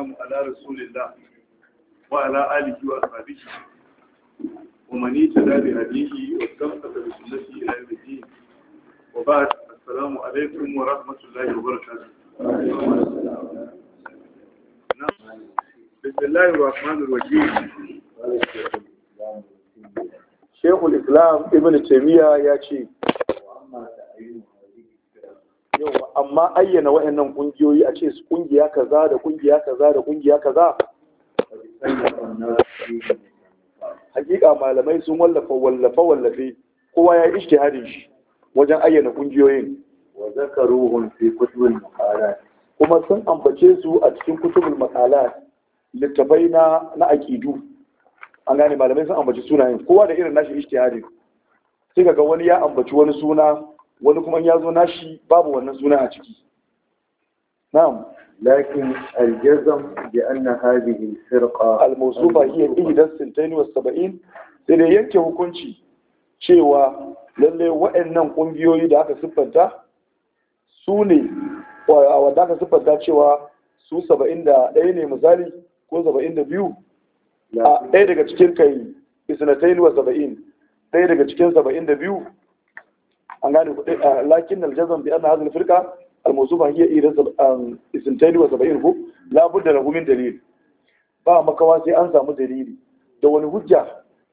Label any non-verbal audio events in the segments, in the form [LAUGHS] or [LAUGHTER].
wasalamu ala rasulillah wa ala alihi wa sahbihi wa man ittaba bi hadihi wa tamassaka bi sunnati ila yawm al-din wa ba'd assalamu alaykum wa rahmatullahi wa barakatuh na bismillahir rahmanir rahim Sheikhul Islam Ibn Taymiyyah ya ce wa amma da amma ayyana wa'annan kungiyoyi a ce su kungiya kaza da kungiya kaza da kungiya kaza hakika malamai sun wallafa wallafa wallafe kowa ya yi ijtihadin shi wajen ayyana kungiyoyin wa zakaruhum fi kutubul maqalat kuma sun ambace su a cikin kutubul maqalat littafai na na aqidu an gane malamai sun ambaci sunayen kowa da irin nashi ijtihadin sai ga wani ya ambaci wani suna wani kuma ya zo nashi babu wannan suna a ciki na'am lakin aljazam bi anna hadhihi alfirqa almawsufa hiya ihda 72 sai da yanke hukunci cewa lalle waɗannan kungiyoyi da aka siffanta su ne wanda aka siffanta cewa su 71 ne misali ko 72 a ɗaya daga cikin kai 72 ɗaya daga cikin 72 an gane kuɗi eh, eh, lakin na aljazam bi anna firka, alfirqa almawsufa hiya irin um, isntaini wa saba'in ku la da lahu dalili dalil ba makawa sai an samu dalili da wani hujja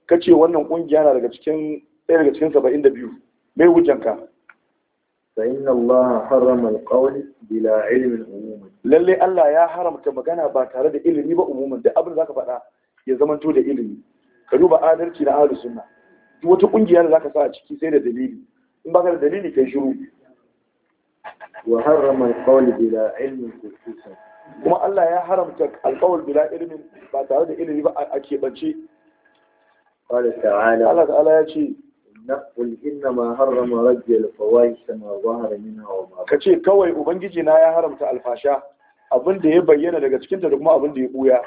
ka ce wannan ƙungiya na daga cikin ɗaya daga cikin saba'in da biyu? mai ka فإن الله حرم القول bila ilimin عموما lalle Allah ya haramta magana ba tare da ilimi ba umuman da abin zaka faɗa ya zamanto da ilimi ka duba adalci na ahlus sunna duk wata ƙungiya da zaka sa a ciki sai da dalili in ba ka da dalili kai shiru wa harrama alqawl bila ilmin khususan kuma Allah ya haramta alqawl bila ilmin ba tare da ilimi ba a keɓance qala ta'ala Allah ta'ala ya ce قل حرم ربي الفواحش ما ظهر منها وما كتي كوي وبنجي نا يا حرمت الفاشا abin da ya bayyana daga cikinta da kuma abin da ya buya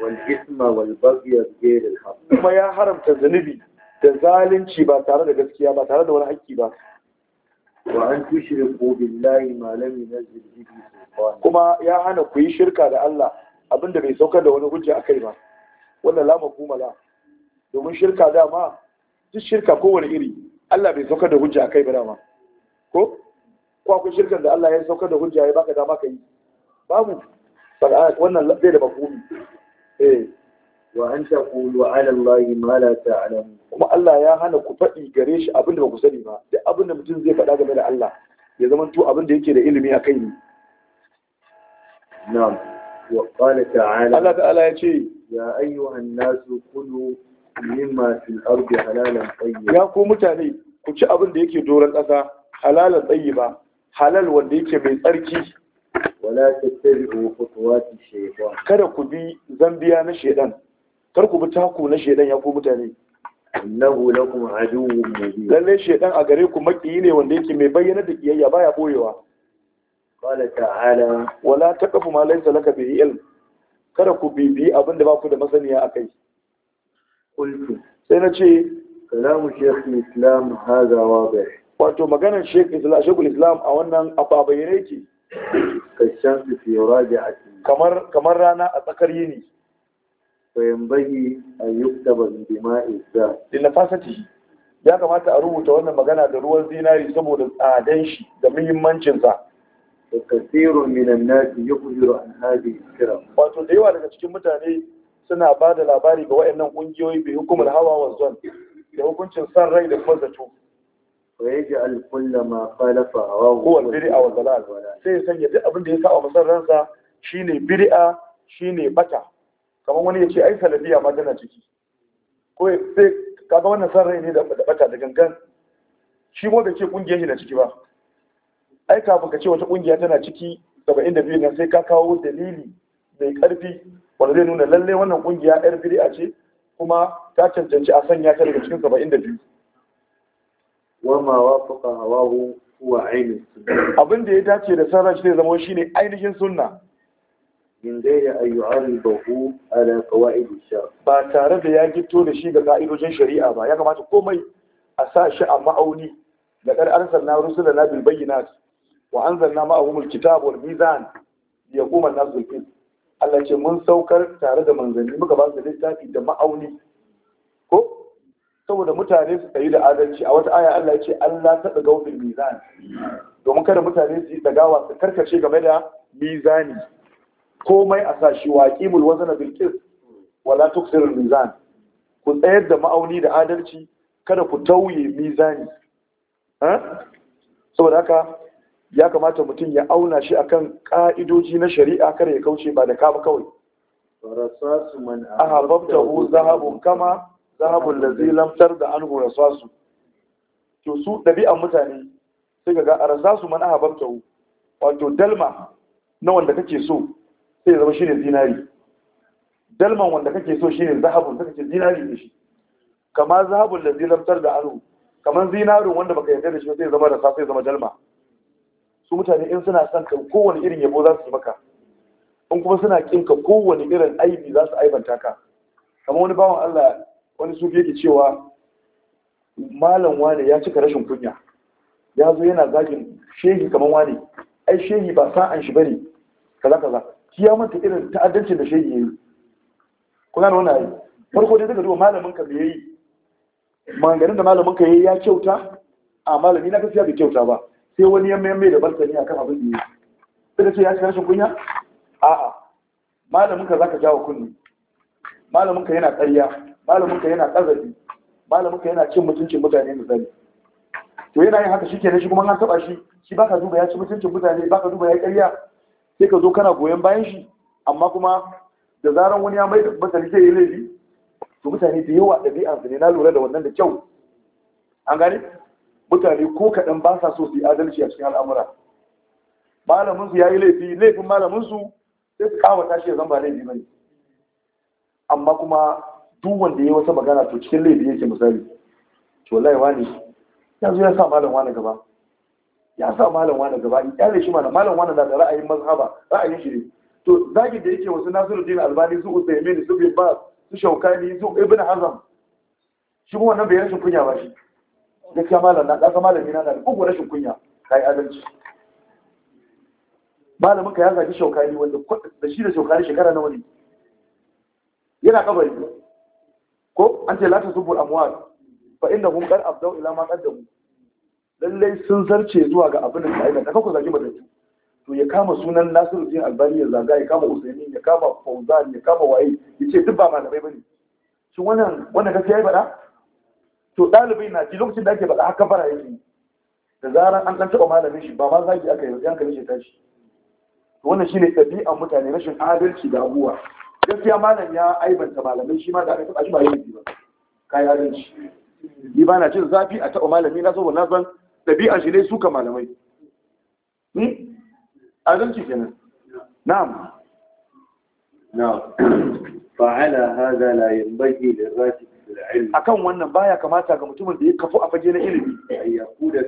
wal isma wal baghy ghayr al haqq kuma ya haramta zanubi da zalunci ba tare da gaskiya ba tare da wani haƙƙi ba wa an tushriku billahi ma lam yunzil bihi kuma ya hana ku yi shirka da Allah abinda bai saukar da wani hujja akai ba wannan la mafhuma la domin shirka dama duk shirka kowane iri Allah bai saukar da hujja akai ba dama ko ko akwai shirkan da Allah ya saukar da hujja ya baka dama ka yi babu wannan zai da mafhumi eh wa an taqulu ala allahi ma la kuma Allah ya hana ku faɗi gare shi abin da ba ku sani ba da abin da mutum zai faɗa game da Allah ya zama to abin da yake da ilimi a kai ne na'am wa qala ta'ala Allah ta'ala ya ce ya ayyuhan nasu kulu mimma fil ardi halalan tayyiba ya ku mutane ku ci abin da yake doron ƙasa halalan tayyiba halal wanda yake mai tsarki wala tattabi'u khutuwati shaytan kada ku bi zambiya na shaytan kar ku bi taku na shedan ya ku mutane innahu lakum aduwwun mubin lalle shedan a gare ku makiyi ne wanda yake mai bayyana da kiyayya baya boyewa qala ta'ala wala taqfu ma laysa laka bihi ilm kada ku bibi abin da ba ku da masaniya akai qultu sai na ce kalamu shaykh islam hada wadih wato maganar shaykh islam shekul islam a wannan ababayyane yake kashan fi a kamar kamar rana a tsakar yini a أن يكتب بدماء isa. لنفاسته ya kamata a rubuta wannan magana da ruwan zinari saboda tsadan shi da muhimmancinsa da kasiru minan nasi ya kujiru an hadi kira wato da yawa daga cikin mutane suna ba da labari ga waɗannan ƙungiyoyi bai hukumar hawa wa zon da hukuncin san rai da kuma zato wa yaji alkulla ma falafa hawa wa dalal sai ya sanya duk abin da ya sa wa masan ransa shine biri'a, shine bata kamar wani ya ce ai salafiya ma tana ciki ko sai kaga wannan san rai ne da bata da gangan shi mo bai ce kungiyar shi na ciki ba ai kafin ka ce wata kungiya tana ciki saba'in da biyu nan sai ka kawo dalili mai karfi wanda zai nuna lalle wannan kungiya yar bid'a ce kuma ta cancanci a sanya ta daga cikin saba'in da biyu wama wafaqa hawahu huwa ainihin sunna abin da ya dace da sarra shi zai zama shine ainihin sunna min gaira an yu'aribahu ala qawaid ash-shar ba tare da ya gito da shi ga ka'idojin shari'a ba ya kamata komai a sa shi a ma'auni da kar arsalna rusulana bil bayyinat wa anzalna ma'ahum al-kitab wal mizan liyaqum an-nas bil qist Allah ce mun saukar tare da manzanni muka ba su littafi da ma'auni ko saboda mutane su tsayi da adalci a wata aya Allah ya ce Allah ta daga bil mizan domin kada mutane su yi dagawa su karkace game da mizani komai a sa shi waqimul wazna bil qist wala tuksir mizan ku tsayar da ma'auni da adalci kada ku tauye mizani saboda haka ya kamata mutum ya auna shi akan ka'idoji na shari'a kada ya kauce ba da kama kawai ahabbtahu zahabun kama zahabun lazi lamtar da anhu rasasu to su dabi'an mutane sai ga rasasu man ahabbtahu wato dalma na wanda kake so sai zama shi ne zinari dalman wanda kake so shi ne zahabun suka kake zinari ne shi kama zahabun da zilamtar da anu kamar zinarin wanda baka yarda da shi sai zama da sa sai zama dalma su mutane in suna son ka kowane irin yabo za su yi maka in kuma suna kin ka kowane irin aibi za su aibanta ka kamar wani bawan Allah wani sufi yake cewa malam wane ya cika rashin kunya ya zo yana zagin shehi kamar wane ai shehi ba sa'an shi bane kaza kaza shi ya manta irin ta'addanci da shege yi Kuna nuna yi. ayi farko dai daga duba malamin ka ya yi maganganun da malamin ka yayi ya kyauta a malami na kasiya bai kyauta ba sai wani yamma yamma da a kan abin da yayi sai ce ya ci rashin kunya a'a malamin ka zaka jawo kunni malamin ka yana ƙarya malamin ka yana ƙazafi malamin ka yana cin mutuncin mutane da misali to yana yin haka shi kenan shi kuma an taɓa shi shi baka duba ya ci mutuncin mutane baka duba ya ƙarya sai ka zo kana goyon bayan shi amma kuma da zaran wani ya mai da masani sai ya laifi to mutane da yawa ɗabi'ansu ne na lura da wannan da kyau an gane mutane ko kaɗan ba sa so su yi adalci a cikin al'amura malaminsu ya yi laifi laifin malaminsu sai su kawo shi ya zamba ba laifi bane ne amma kuma duk wanda ya yi wata magana to cikin laifi yake misali to wallahi wani yanzu ya sa malam wani gaba ya sa malam wani gaba ya ne shi mana malam wani na da ra'ayin mazhaba ra'ayin shi ne to zagin da yake wasu nasiruddin albani su usaimin su bin ba su shaukani su ibn hazam shi kuma wannan bai rashin kunya ba shi gaskiya malam na ɗasa malami na da kuma rashin kunya kai adalci malamin ka ya zagi shaukani wanda da shi da shaukani shekara nawa ne yana kabari ko an ce la tasubbu al-amwal fa innahum qad abdau ila ma qaddamu lallai sun zarce zuwa ga abin da ya aikata kanku zaki matattu to ya kama sunan Nasiruddin Albani ya zaga ya kama Usaini ya kama Fauzan ya kama Wai ya ce duk ba malamai bane shin wannan wannan gaskiya ya bada? to dalibai na ji lokacin da ake bada haka fara yake da zaran an ɗan taɓa malamin shi ba ma zaki aka yi yanka ne tashi wannan shi tabi'an mutane rashin adalci da abuwa gaskiya malam ya aibanta malamin shi ma da aka taba shi ba yi ba kai adalci ni ba na cin zafi a taɓa malami na saboda na san ɗabi'a shi ne suka malamai A hmm? adalci kenan na'am fa'ala hada la yanbaghi da fil A kan wannan baya kamata ga mutumin da ya kafu a fage na ilimi ya kuda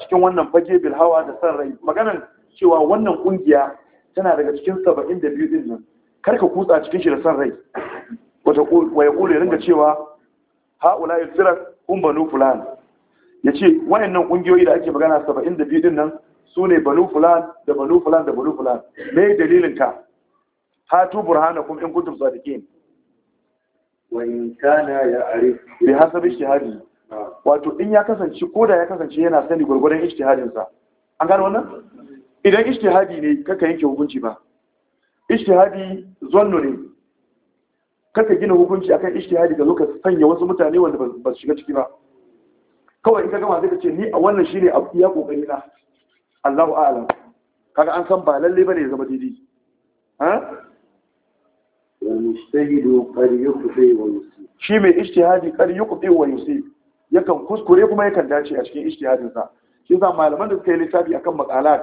cikin wannan fage bilhawa, da san rai maganar cewa wannan kungiya tana daga cikin 72 din nan karka kutsa cikin shi da san rai wata Kulu ya kula ya ringa cewa ha'ula yusra hum banu fulan ya ce wayannan ƙungiyoyi da ake magana saba'in da biyu nan su ne banu fulan da banu fulan da banu fulan me dalilin ka hatu burhanakum in kuntum sadiqin wa in kana ya'rif bi hasabi ijtihadi ah. wato in ya kasance ko da ya kasance yana sani gurgurdan ijtihadin sa an gano wannan idan ijtihadi ne kaka yanke hukunci ba ijtihadi zanno ne kaka gina hukunci akan ijtihadi ka zo ka sanya wasu mutane wanda ba su shiga ciki ba kawai in ka gama zai ce ni a wannan shi ne iya kokari na Allahu a'lam kaga an san ba lalle ne ya zama didi shi mai ijtihadi kar yuqti wa yakan kuskure kuma yakan dace a cikin ijtihadin sa shi yasa malaman da suka yi littafi akan makala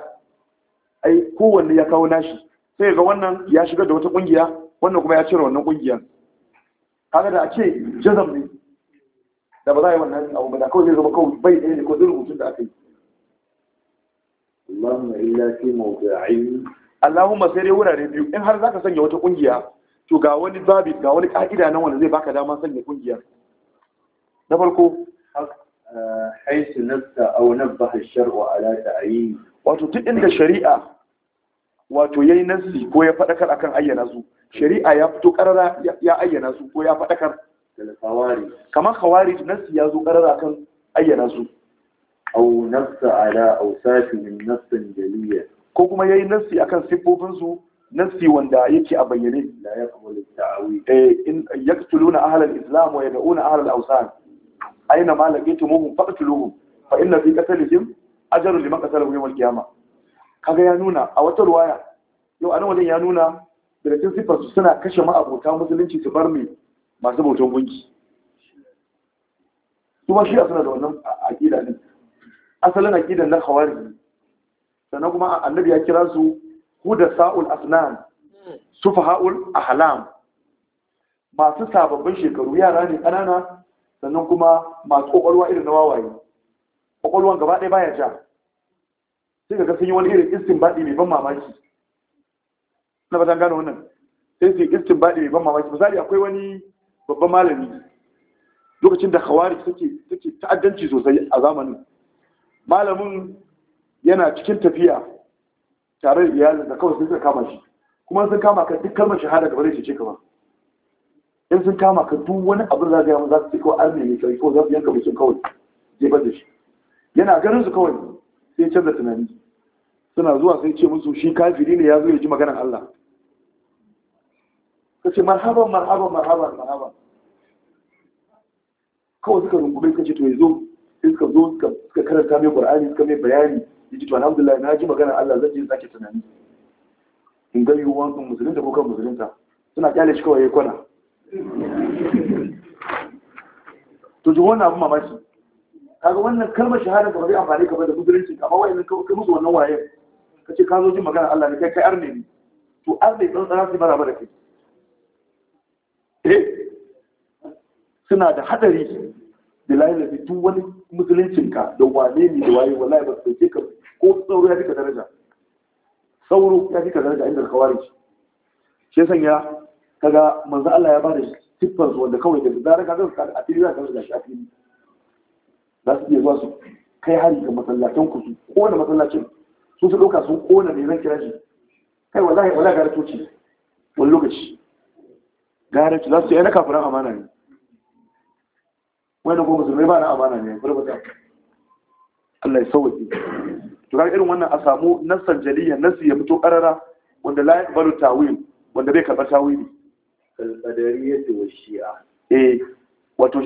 ai kowanne ya kawo nashi sai ga wannan ya shigar da wata kungiya wannan kuma ya cire wannan kungiyan kaga da a ce jazam ne da ba za a yi wannan abu ba da kawai zai zama kawai bai ɗaya ne ko Zai rubutun da aka yi Allahumma illa fi mawdi'in Allahumma sai dai wurare biyu in har zaka sanya wata kungiya to ga wani babi ga wani ka'ida nan wanda zai baka dama sanya kungiyar na farko eh, haisu nasta aw nabaha ash-shar'u ala ta'yin wato duk inda shari'a wato yayi nasi ko ya fadakar akan ayyana su shari'a ya fito karara ya ayyana su ko ya fadakar kamar khawarij nassi ya zo karara kan ayyana su au nassa ala awsafihim nassan jaliyya ko kuma yayi nassi akan siffofin su nassi wanda yake a bayyane la yaqbalu ta'awi eh in yaqtuluna ahlal islam wa yad'una ahlal awsan aina ma laqitumuhum faqtuluhum fa inna fi qatlihim ajrun liman qatalahu yawm al-qiyamah kaga ya nuna a wata ruwaya yau anan wajen ya nuna daga cikin siffar su suna kashe ma'abota musulunci su bar mai masu bautan gunki kuma shi a suna da wannan aƙida ne asalin aƙidan na hawari sannan kuma annabi ya kira su huda sa'ul asnan a halam. masu sababbin shekaru yara ne ƙanana sannan kuma masu ƙwaƙwalwa irin na wawaye ƙwaƙwalwan gaba ɗaya baya ja sai ga sun yi wani irin baɗi mai ban mamaki na ba gano wannan sai su yi baɗi mai ban mamaki misali akwai wani babban malami lokacin da khawari take ta'addanci sosai a zamanin malamin yana cikin tafiya tare da iyali da kawai sun kama shi kuma sun kama ka duk kalmar shahada gaba zai ce ka ba in sun kama ka duk wani abin da zai za su ce kawai arne ne kai ko za su yanka mutum kawai zai bar da shi yana ganin su kawai sai canza tunani suna zuwa sai ce musu shi kafiri ne ya zo ya ji maganar Allah ta ce marhaban marhaban marhaban marhaban kawai suka rungume suka ce to ya zo suka zo suka karanta mai qur'ani suka mai bayani ya ce to alhamdulillah na ji magana Allah zan je sake tunani in ga yiwuwan su musulunta ko kan musulunta suna kyale shi kawai ya kwana to ji wannan abin mamaki kaga wannan kalmar shahada ba zai amfani ka ba da musulunci amma wayannan ka musu wannan waye ka ce ka zo jin magana Allah ne kai kai arne ne to arne dan tsara su bara bara kai Eh? suna da hadari da layar da duk wani musuluncinka da wane ne da waye wallahi ba su ke ka ko sauro ya fi ka daraja sauro ya fi ka daraja inda kawari shi ya sanya kaga manzo Allah ya bada tiffar su wanda kawai da zarar ka ga a fili za ka ga shi a fili za su iya zuwa su kai hari ga masallatan ku su kona masallacin sun su dauka sun kona mai zan kira shi kai wallahi wallahi ga ratoci wani lokaci gara ci za su yi eh, na kafiran amana ne wani ko musulmai ba na amana ne kuma ba Allah ya sauwaje to kaga irin wannan a samu nassan jaliya nassi ya fito karara wanda la yaqbalu tawil wanda bai karɓa tawili al-qadariyya wa shi'a eh wato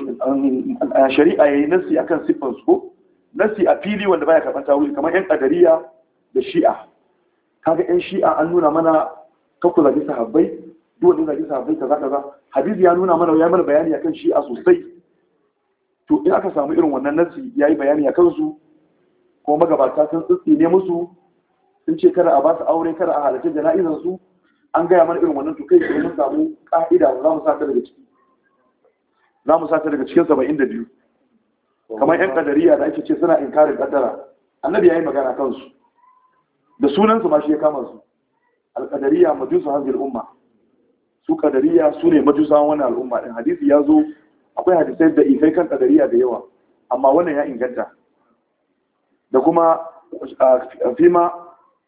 shari'a yayi nassi akan siffan su nassi a fili wanda baya karɓa tawili kamar yan qadariyya da shi'a kaga yan shi'a an nuna mana kakku zaki sahabbai duk wanda zaki sahabbai kaza kaza Habibu ya nuna mana ya mana bayani akan shi a sosai to in aka samu irin wannan nasi yayi bayani akan su ko magabata sun tsitsi ne musu sun ce kada a ba su aure kada a halarci jana'izar su an gaya mana irin wannan to kai sai mun samu ka'ida za mu sa daga ciki za mu sa ta daga cikin 72 kamar yan kadariya da ake ce suna inkarin kaddara annabi yayi magana kansu da sunansu ma shi ya kama su Al-ƙadari alkadariya majusu hanzil umma su kadariya su ne majusawan wani al'umma ɗin hadisi ya zo akwai hadisai da ifai kan kadariya da yawa amma wannan ya inganta da kuma fima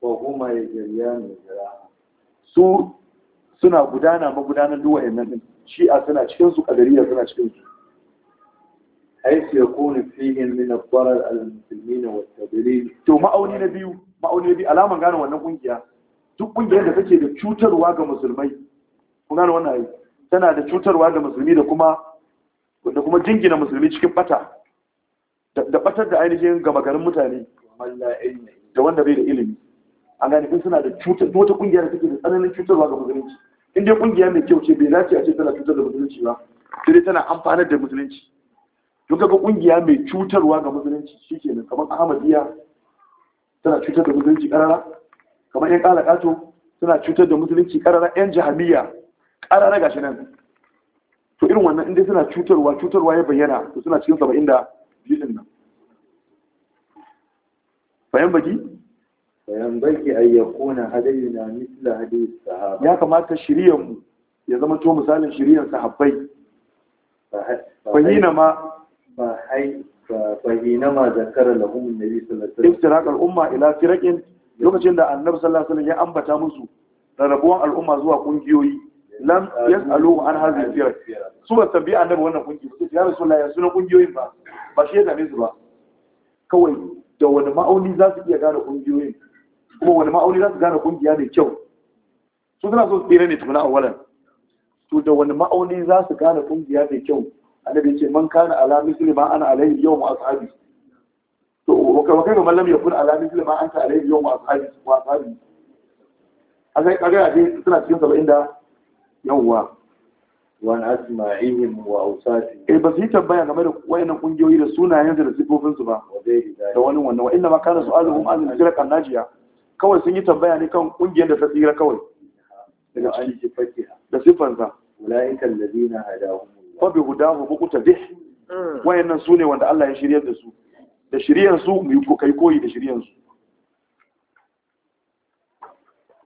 wa kuma ya jariya ne su suna gudana magudanar duwa nan shi a suna cikin su kadariya suna cikin su حيث يكون فيهم من al على المسلمين والتضليل to ma'auni na biyu ma'auni na biyu alaman gane wannan kungiya duk kungiyar da take da cutarwa ga musulmai kun da wannan tana da cutarwa ga musulmi da kuma da kuma jingina musulmi cikin bata da batar da ainihin gama garin mutane da wanda bai da ilimi an gani kun suna da cutar wata kungiyar da take da tsananin cutarwa ga musulunci in dai kungiya mai kyau ce bai dace a ce tana cutar da musulunci ba sai dai tana amfanar da musulunci to kaga kungiya mai cutarwa ga musulunci shikenan kamar ahmadiyya tana cutar da musulunci karara kamar yan kato suna cutar da musulunci karara yan jahamiya ƙarara gashi nan to irin wannan inda suna cutarwa cutarwa ya bayyana to suna cikin saba'in da jidin nan bayan baki bayan baki a ya kona na misla hadayi sahaba ya kamata shiriyanmu ya zama to misalin shiriyan sahabbai fahina ma fahina ma zakara lahum nabi sallallahu alaihi wasallam iftiraq umma ila firaqin lokacin da annabi sallallahu alaihi wasallam ya ambata musu rarrabuwan al'umma zuwa kungiyoyi lam yas'alu an hadhihi al-firar su ba tambayi annabi wannan kungi ba ya rasulullah ya sunan kungiyoyin ba ba shi ya dame ba kawai da wani ma'auni za su iya gane kungiyoyin kuma wani ma'auni za su gane kungiya mai kyau su suna so su tsere ne tukuna a walan to da wani ma'auni za su gane kungiya mai kyau annabi ce man kana ala misli ma ana alaihi yawm ashabi to wa kai mallam ya yakun ala misli ma anta alaihi yawm ashabi wa ashabi a sai kaga dai suna cikin saba'in da yawwa wani asma'ihim wa ausati eh ba su yi tambaya game da wayannan kungiyoyi da sunayen da sifofin su ba da wani wannan wa inna ma kana su'aluhum an tsira kanajiya kawai sun yi tambaya ne kan kungiyar da ta tsira kawai daga an da sifan sa ulaika alladhina hadahum fa bi hudahu muqtadih mm. wayannan sune wanda Allah ya shiryar da su da shiryar su mu yi kai koyi da shiryar su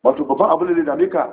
wato babban abin da dame ka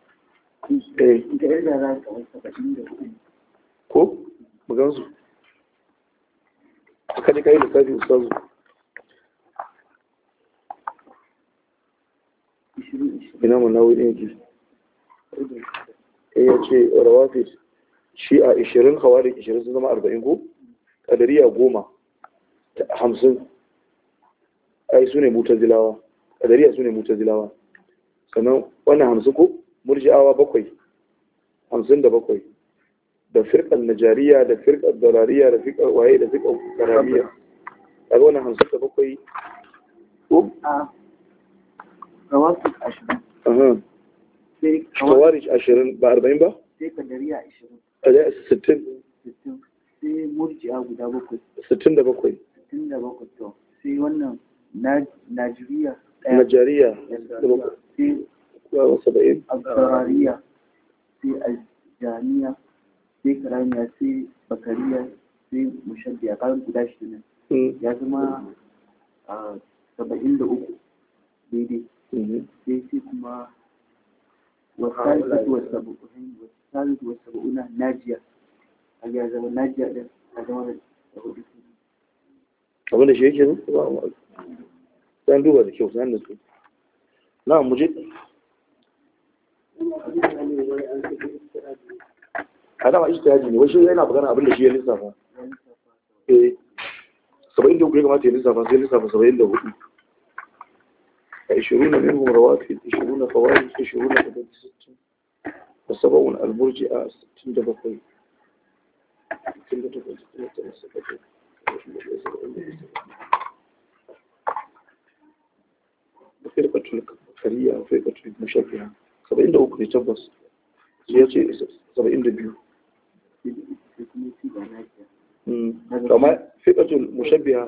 Eh. ko mu ka ji kai lissafi ina mu nawo ɗin ji ya ce rawafis shi a 20 da 20 sun zama 40 ko kadariya 10 hamsin? ai su ne mutazilawa kadariya su ne mutazilawa sannan wannan hamsin ko murji'awa bakwai hamsin da bakwai da firkar najariya da firkar dalariya da firkar waye da firkar karamiya daga wannan hamsin da bakwai ko? kawarij ashirin ba arba'in ba? sai kadariya ashirin kadariya sittin sai murji'a guda bakwai sittin da bakwai sittin da bakwai to sai wannan najeriya najeriya sai وسبعين الضرارية في الجانية في كرامية في بكرية في مشبية قال guda shi ne ya zama saba'in في uku daidai sai sai kuma والثالث والسبعون والثالث والسبعون ناجية أجي زما ناجية ده زما abin da shi yake ne? Sa'an duba da kyau, sa'an da su. Na, muje. a dama ijtihadi ne wai shi yana magana abin da shi ya lissafa eh 73 ya kamata ya lissafa sai lissafa 74 20 منهم رواتب 20 فوائد 20 قدد 60 وسبعون البرج 60 دبقين فرقة الكفرية وفرقة المشبهة saba'in da uku ne tabbas ya ce saba'in da biyu amma fiƙatul mushabbiha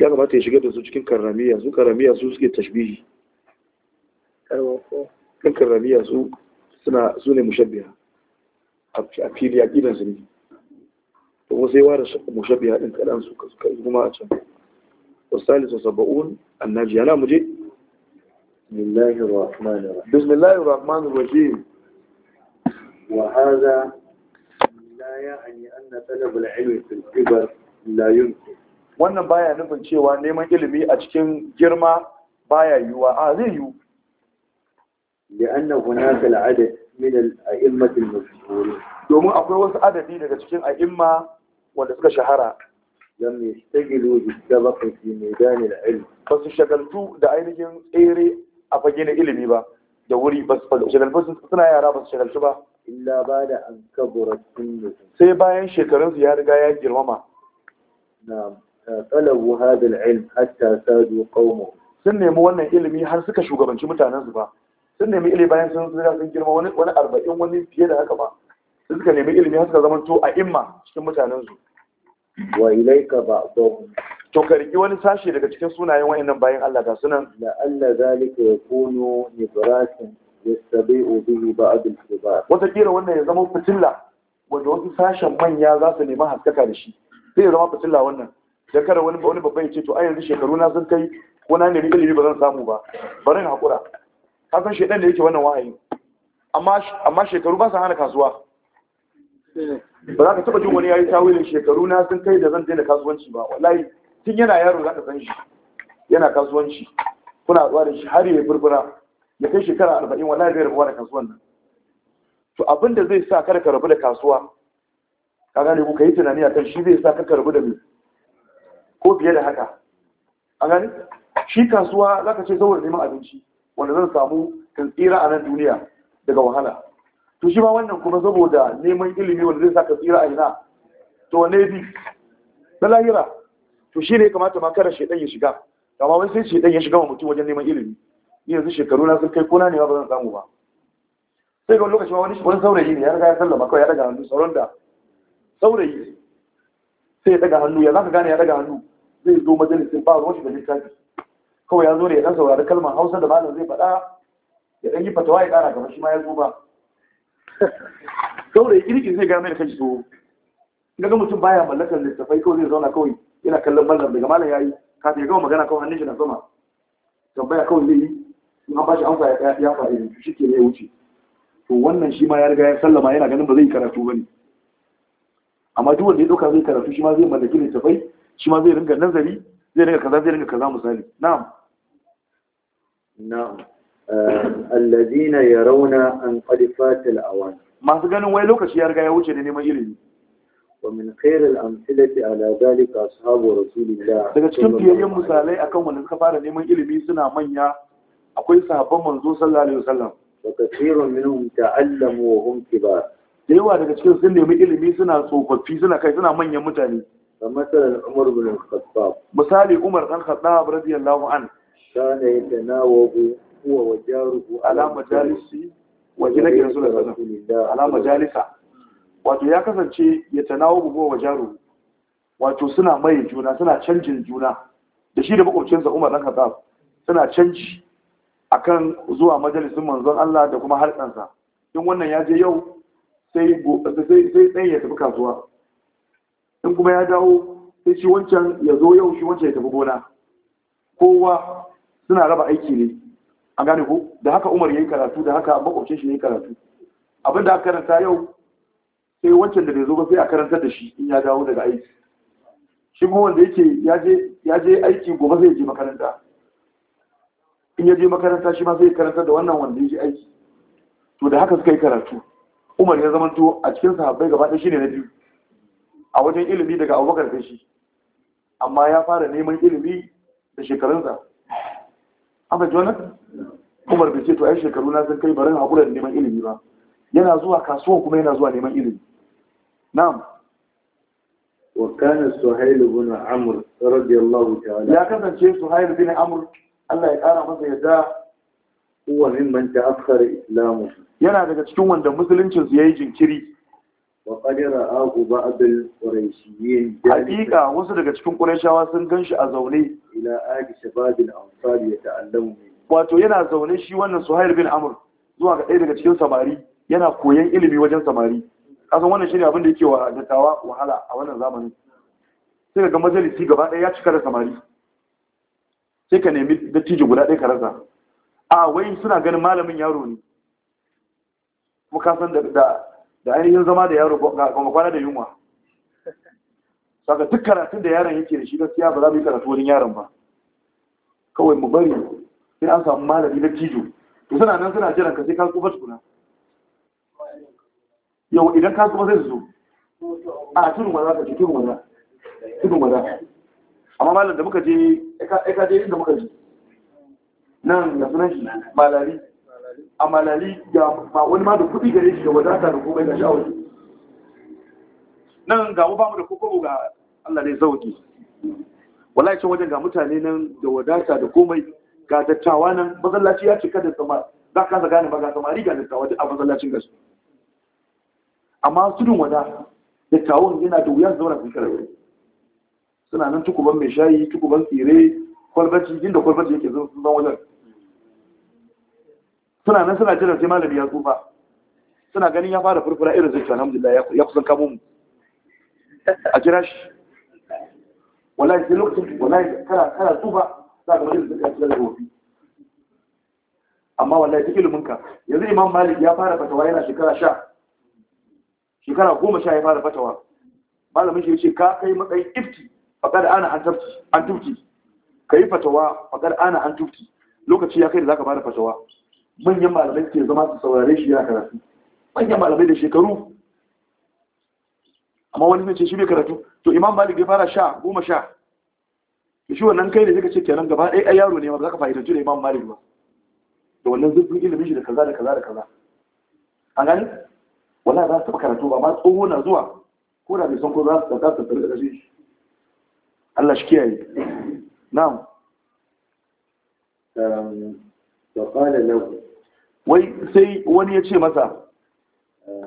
ya kamata ya shigar da su cikin karramiya su karramiya su suke tashbihi kan su su ne mushabbiha a fili a su ne kuma sai ware mushabbiha ɗin kaɗan su kuma a can wasu salis wasu annajiya na muje بسم الله الرحمن الرحيم بسم الله الرحمن الرحيم وهذا لا يعني أن طلب العلم في الكبر لا يمكن wannan baya nufin cewa neman ilimi a cikin girma baya yiwuwa a zai yiwu لأن هناك العدد من الأئمة المشهورين domin akwai wasu adadi daga cikin a'imma wanda suka shahara lam yastajilu bi sabaqi fi medan al-ilm fasu shagaltu da ainihin tsere a fage na ilimi ba da wuri ba su shagaltu suna yara ba su shagaltu ba illa ba da an kabura sai bayan shekarun su ya riga ya girmama na talabu hadal ilm hatta sadu qaumu sun nemi wannan ilimi har suka shugabanci mutanen su ba sun nemi ilimi bayan sun riga sun girma wani wani arba'in wani fiye da haka ba suka nemi ilimi har suka zama to a imma cikin mutanen su wa ilaika ba? to ka wani sashe daga cikin sunayen wayannan bayan Allah ga sunan la alla zalika yakunu nibratin yastabi'u bihi ba'd al-kibar wata kira wannan ya zama fitilla wanda wasu sashen manya za su nemi haskaka da shi sai ya zama fitilla wannan Da kada wani wani babba ya ce to a yanzu shekaru na sun kai ko na nemi ilimi ba zan samu ba bari na hakura ka san shedan da yake wannan wahayi amma amma shekaru ba sa hana kasuwa ba za ka taba jin wani yayi tawilin shekaru na sun kai da zan daina kasuwanci ba wallahi tun yana yaro za ka san shi yana kasuwanci kuna haɗuwa da shi har ya burbura ya kai shekara arba'in wala bai rabuwa da kasuwan nan to abin da zai sa kar ka rabu da kasuwa ka gane ku yi tunani a kan shi zai sa ka rabu da mai ko fiye da haka a gani shi kasuwa za ka ce saboda neman abinci wanda zan samu kan tsira a nan duniya daga wahala to shi ma wannan kuma saboda neman ilimi wanda zai sa ka tsira a ina to wane bi na lahira to shi ne kamata ma kada shaidan ya shiga amma wani sai shaidan ya shiga wa mutum wajen neman ilimi yanzu shekaru na sun kai na ne ba zan samu ba sai ga lokaci ma wani wani saurayi ne ya riga ya sallama kawai ya daga hannu sauran da saurayi sai ya daga hannu ya zaka gane ya daga hannu zai zo majalisin ba ruwan shi da littafi kawai ya zo ne ya dan saurari kalmar hausa da malam zai faɗa ya dan yi fatawa ya ƙara gaba shi ma ya zo ba [LAUGHS] saurayi kirki zai gane da kai so ga mutum baya mallakar littafai kawai zai zauna kawai Ina kallon mallam daga mallam yayi kafin ya gama magana kawai hannun shi na sama tambaya kawai zai yi in an bashi amsa ya faɗi yanzu, shi ke ya wuce to wannan shi ma ya riga ya sallama yana ganin ba zai karatu ba ne amma duk wanda ya ɗauka zai karatu shi ma zai mallaki littafai shi ma zai ringa nazari zai ringa kaza zai ringa kaza misali na'am na'am eh, allazina yarawna an qad fatal awan masu ganin wai lokaci ya riga ya wuce da neman ilimi ومن خير الأمثلة على ذلك أصحاب رسول الله daga cikin biyayyen misalai akan wanda suka fara neman ilimi suna manya akwai sahabban manzo sallallahu alaihi wasallam wa kathirun minhum ta'allamu wa hum kibar da yawa daga cikin sun nemi ilimi suna tsofaffi suna kai suna manyan mutane مثلا عمر بن الخطاب مثال عمر بن الخطاب رضي الله عنه كان يتناوب هو وجاره على مجالس وجلك رسول الله على مجالسه wato ya kasance ya tanawo bugo wa jaro wato suna maye juna suna canjin juna da shi da makwabcinsa Umar dan Khattab suna canji akan zuwa majalisin manzon Allah da kuma harkansa in wannan ya je yau sai sai sai ya tafi kasuwa in kuma ya dawo sai shi wancan ya zo yau shi wancan ya tafi gona kowa suna raba aiki ne A gane ko da haka Umar yayi karatu da haka makwabcin shi yayi karatu abinda aka karanta yau sai wancan da bai zo ba sai a karantar da shi in ya dawo daga aiki shi kuma wanda yake ya je aiki gobe zai je makaranta in ya je makaranta shi ma zai karantar da wannan wanda ya je aiki to da haka suka yi karatu umar ya zamanto a cikin sahabbai gaba ɗaya shine na biyu a wajen ilimi daga abubakar sai shi amma ya fara neman ilimi da shekarunsa amma jonathan umar bai ce to ai shekaru na sun kai barin haƙura da neman ilimi ba yana zuwa kasuwan kuma yana zuwa neman ilimi na'am wa kana suhail ibn amr radiyallahu ta'ala ya kasance suhail بن عمر Allah ya kara masa هو huwa mimman ta'akhkhara islamu yana daga cikin wanda musuluncin su yayi jinkiri wa qad hakika wasu daga cikin qurayshawa sun ganshi a zaune ila aqi wato yana zaune shi wannan suhail bin amr zuwa ga ɗaya daga cikin samari yana koyon ilimi wajen samari kasan wannan shi abin da yake wa dattawa wahala a wannan zamanin sai ga majalisi gaba ɗaya ya cika da samari sai ka nemi dattijo guda ɗaya ka rasa a wai suna ganin malamin yaro ne kuma ka san da ainihin zama da yaro kuma kwana da yunwa saka duk karatun da yaron yake da shi gaskiya ba za mu yi karatu wurin yaron ba kawai mu bari sai an samu malami dattijo to suna nan suna jiran ka sai ka tsufa tukuna yau idan ka kuma zai zo a cikin maza ka cikin maza tudun maza amma malam da muka je ka je inda muka je nan da sunan shi malari a malari ga wani ma da kuɗi gare shi da wadata da komai da shawari nan ga mu ba mu da kuka ga Allah ne zauki wallahi can wajen ga mutane nan da wadata da komai ga dattawa nan masallaci ya cika da sama za ka gane ba ga samari ga dattawa da a masallacin gasu amma tudun wada da kawun yana da wuyan zauna sun karewa suna nan tukuban mai shayi tukuban tsire kwalbaci inda kwalbaci yake zan wajen suna nan suna jira sai malami ya tsufa suna ganin ya fara furfura irin zai alhamdulillah ya kusan kamo mu a jira shi wallahi sai lokacin wallahi kara kana tsufa za ka majalisa zai jira da wofi amma wallahi cikin lumunka yanzu imam malik ya fara fatawa yana shekara sha shekara goma sha ya fara fatawa malamin shi ce ka kai matsayin ifti faƙar ana an tufti ka yi fatawa faƙar ana an tufti lokaci ya kai da za ka fara fatawa manyan malamai ke zama su saurare shi ya karatu manyan malamai da shekaru amma wani ce shi bai karatu to imam malik ya fara sha goma sha shi wannan kai da zai ce kenan gaba ɗaya yaro ne ba za ka fa'idanci da imam malik ba da wannan zurfin ilimin shi da kaza da kaza da kaza a gani wala za su taɓa karatu ba ma tsoho na zuwa ko da bai san ko za su tsaka su tsarka da shi Allah shi kiyaye na'am ehm, wai sai wani ya ce masa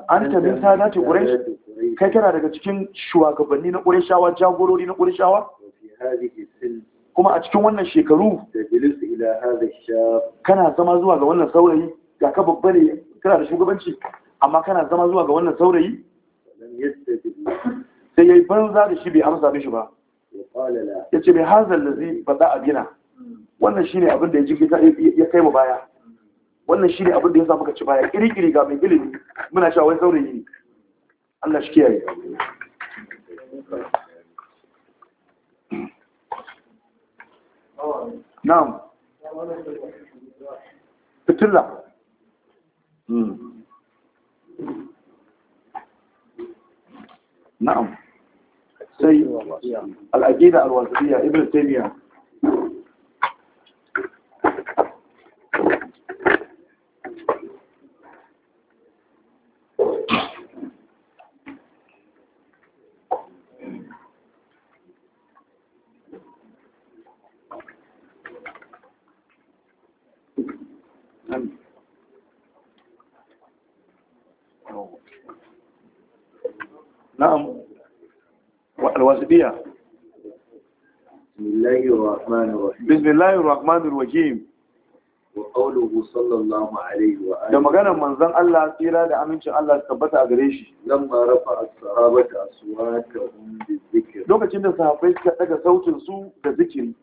an tabin sada ce ƙurai kai kana daga cikin shugabanni na ƙurashawa jagorori na ƙurashawa kuma a cikin wannan shekaru kana zama zuwa ga wannan saurayi ga ka babba ne kana da shugabanci amma kana zama zuwa ga wannan saurayi sai ya yi banza da shi bai amsa mishi ba ya ce mai hazar da zai faɗa a gina wannan shi ne abinda ya jirgin ya kai mu baya wannan shi ne abinda ya samu ci baya ƙiri-ƙiri ga mai ilimi muna sha wani saurayi ne Allah shi kiyaye na'am fitilla hmm. na'am sai al'aqida al-wasiyya ibn taymiyyah na'am wa alwasidiya bismillahir rahmanir rahim wa qawluhu sallallahu da maganar manzon Allah tsira da amincin Allah tabbata a gare shi lamma rafa as-sahabata da sahabbai suka ɗaga sautin su da zikiri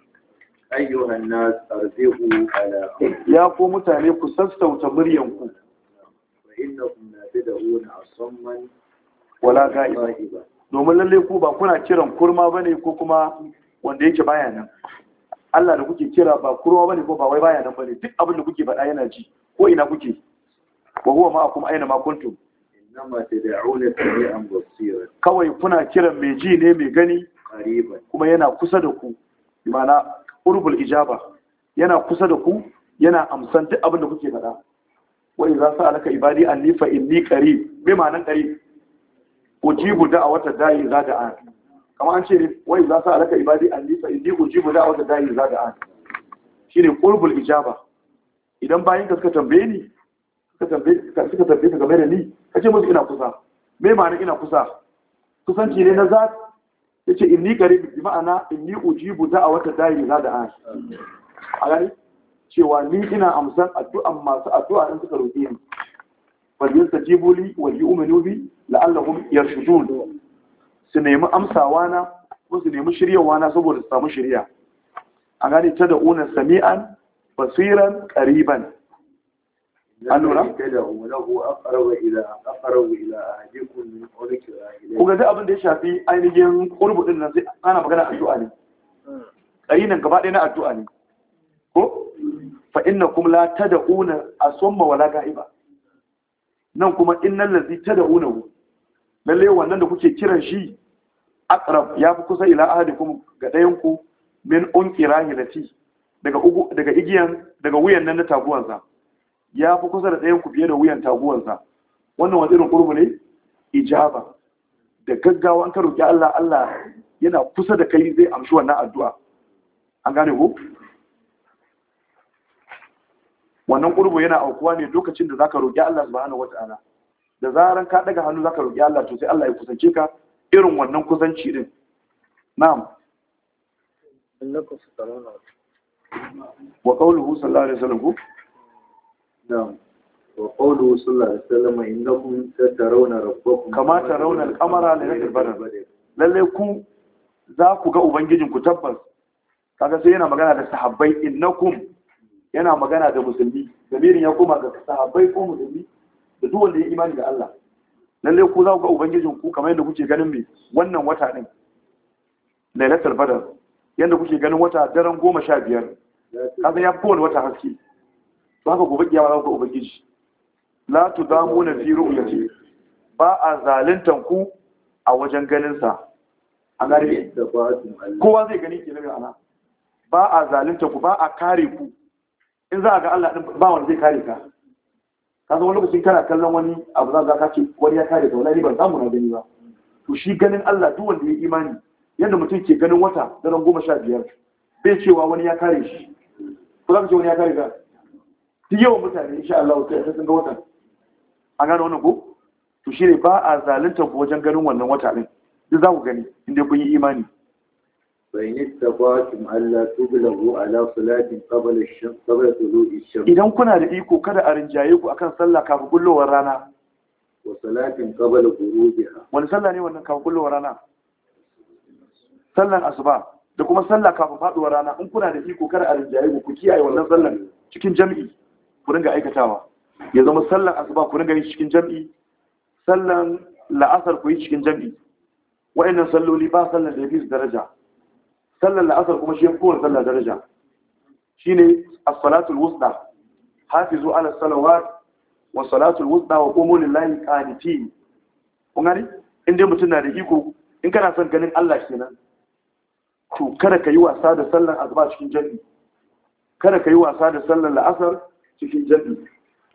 ayyuhan nas arziqu ala ya ko mutane ku sassauta muryanku fa innakum nadaduna asamman wala ga'iba domin lalle ku ba kuna kiran kurma bane ko kuma wanda yake baya nan Allah da kuke kira ba kurma bane ko ba wai baya nan bane duk abin da kuke faɗa yana ji ko ina kuke wa huwa ma'akum aina ma kuntum innama tad'una sami'an basira kawai kuna kiran mai ji ne mai gani kuma yana kusa da ku imana urbul ijaba yana kusa da ku yana amsan duk abin da kuke faɗa wa idza sa'alaka ibadi anni fa inni qarib bi ma'anan qarib ujibu da'awata da'i za da an kamar an ce wai za sa alaka ibadi an nisa inni ujibu da'awata da'i za da an Shi ne qurbul ijaba idan bayan ka suka tambaye ni suka tambaye tambaye ka game da ni ce musu ina kusa me ma'ana ina kusa kusanci ne na za zat ce inni qarib bi ma'ana inni ujibu da'awata da'i za da an a gani cewa ni ina amsan addu'an masu addu'a in suka roƙe ni fal yastajibu li wa yu'minu bi la'allahum yarshudun su nemi amsawa na ko su nemi shiryawa na saboda su samu shirya a gane ta da una sami'an basiran qariban an nuna? Ku ga duk abin da ya shafi ainihin qurbu din nan sai ana magana addu'a ne Ƙarinan gaba ɗaya na addu'a ne ko fa innakum la tad'una asumma wala ga'iba nan kuma ta ladzi tad'unahu lalle wannan da kuke kiran shi aqrab ya fi kusa ila ahadikum ga ɗayanku ku min unqira hilati daga ugu daga igiyan daga wuyan nan na taguwansa ya fi kusa da ɗayanku ku fiye da wuyan taguwansa wannan wani irin qurbu ne ijaba da gaggawa an ka roƙi Allah Allah yana kusa da kai zai amshi wannan addu'a an gane ko wannan qurbu yana aukuwa ne lokacin da zaka roki Allah subhanahu wata'ala da zaran ka daga hannu zaka roki Allah to sai Allah ya kusance ka irin wannan kusanci din na'am wa qawluhu sallallahu alaihi wasallam na'am wa qawluhu sallallahu alaihi wasallam innakum tarawna rabbakum kama tarawna al-qamara laylatul badr lalle ku za ku ga ubangijin ku tabbas kaga sai yana magana da sahabbai innakum yana magana da musulmi damirin ya koma ga sahabbai ko musulmi da duk wanda ya imani da Allah lalle ku za ku ga ubangijin ku kamar yadda kuke ganin me wannan wata din lailatul badr yadda kuke ganin wata daren goma sha biyar ya fi wata haske to haka gobe kiyama za ku ga ubangiji la tudamuna fi ru'yati ba a zalintan ku a wajen ganin sa a kowa zai gani ke nabi ana ba a zalunta ku ba a kare ku in za a ga Allah din ba wanda zai kare ka ka wani lokacin kana kallon wani abu za ka ce wani ya kare da wani ban samu na gani ba to shi ganin Allah duk wanda ya yi imani yadda mutum ke ganin wata daren goma sha biyar bai cewa wani ya kare shi ko za ka ce wani ya kare ka duk yawan mutane insha Allah sai sun ga wata A gane wannan ko to shi ne ba a zalunta ku wajen ganin wannan wata din duk za ku gani inda kun yi imani فإن استطعتم ألا تبلغوا على صلاة قبل الشمس قبل طلوع الشمس إذا كنا رئيكو كذا أرنجايكو أكن صلى كافو كله ورانا وصلاة قبل خروجها ونصلى ني wannan kafin kullu rana sallan asuba da kuma sallah kafin faduwar rana in kuna da iko kar a rinjaye ku kiyaye wannan sallan cikin jami'i ku ringa aikatawa ya zama sallan asuba ku ringa yi cikin jami'i sallan la'asar ku yi cikin jami'i wa'annan salloli ba sallan da yafi daraja sallar la'asar kuma shi ya kowane sallar daraja shi ne as-salatul wusta hafizu ala salawat wa salatul wusta wa qumu lillahi qanitin Ƙungari, inda mutum na da iko in kana son ganin Allah ke nan. to kada ka yi wasa da sallar asuba cikin jami'i kada ka yi wasa da sallar la'asar cikin jami'i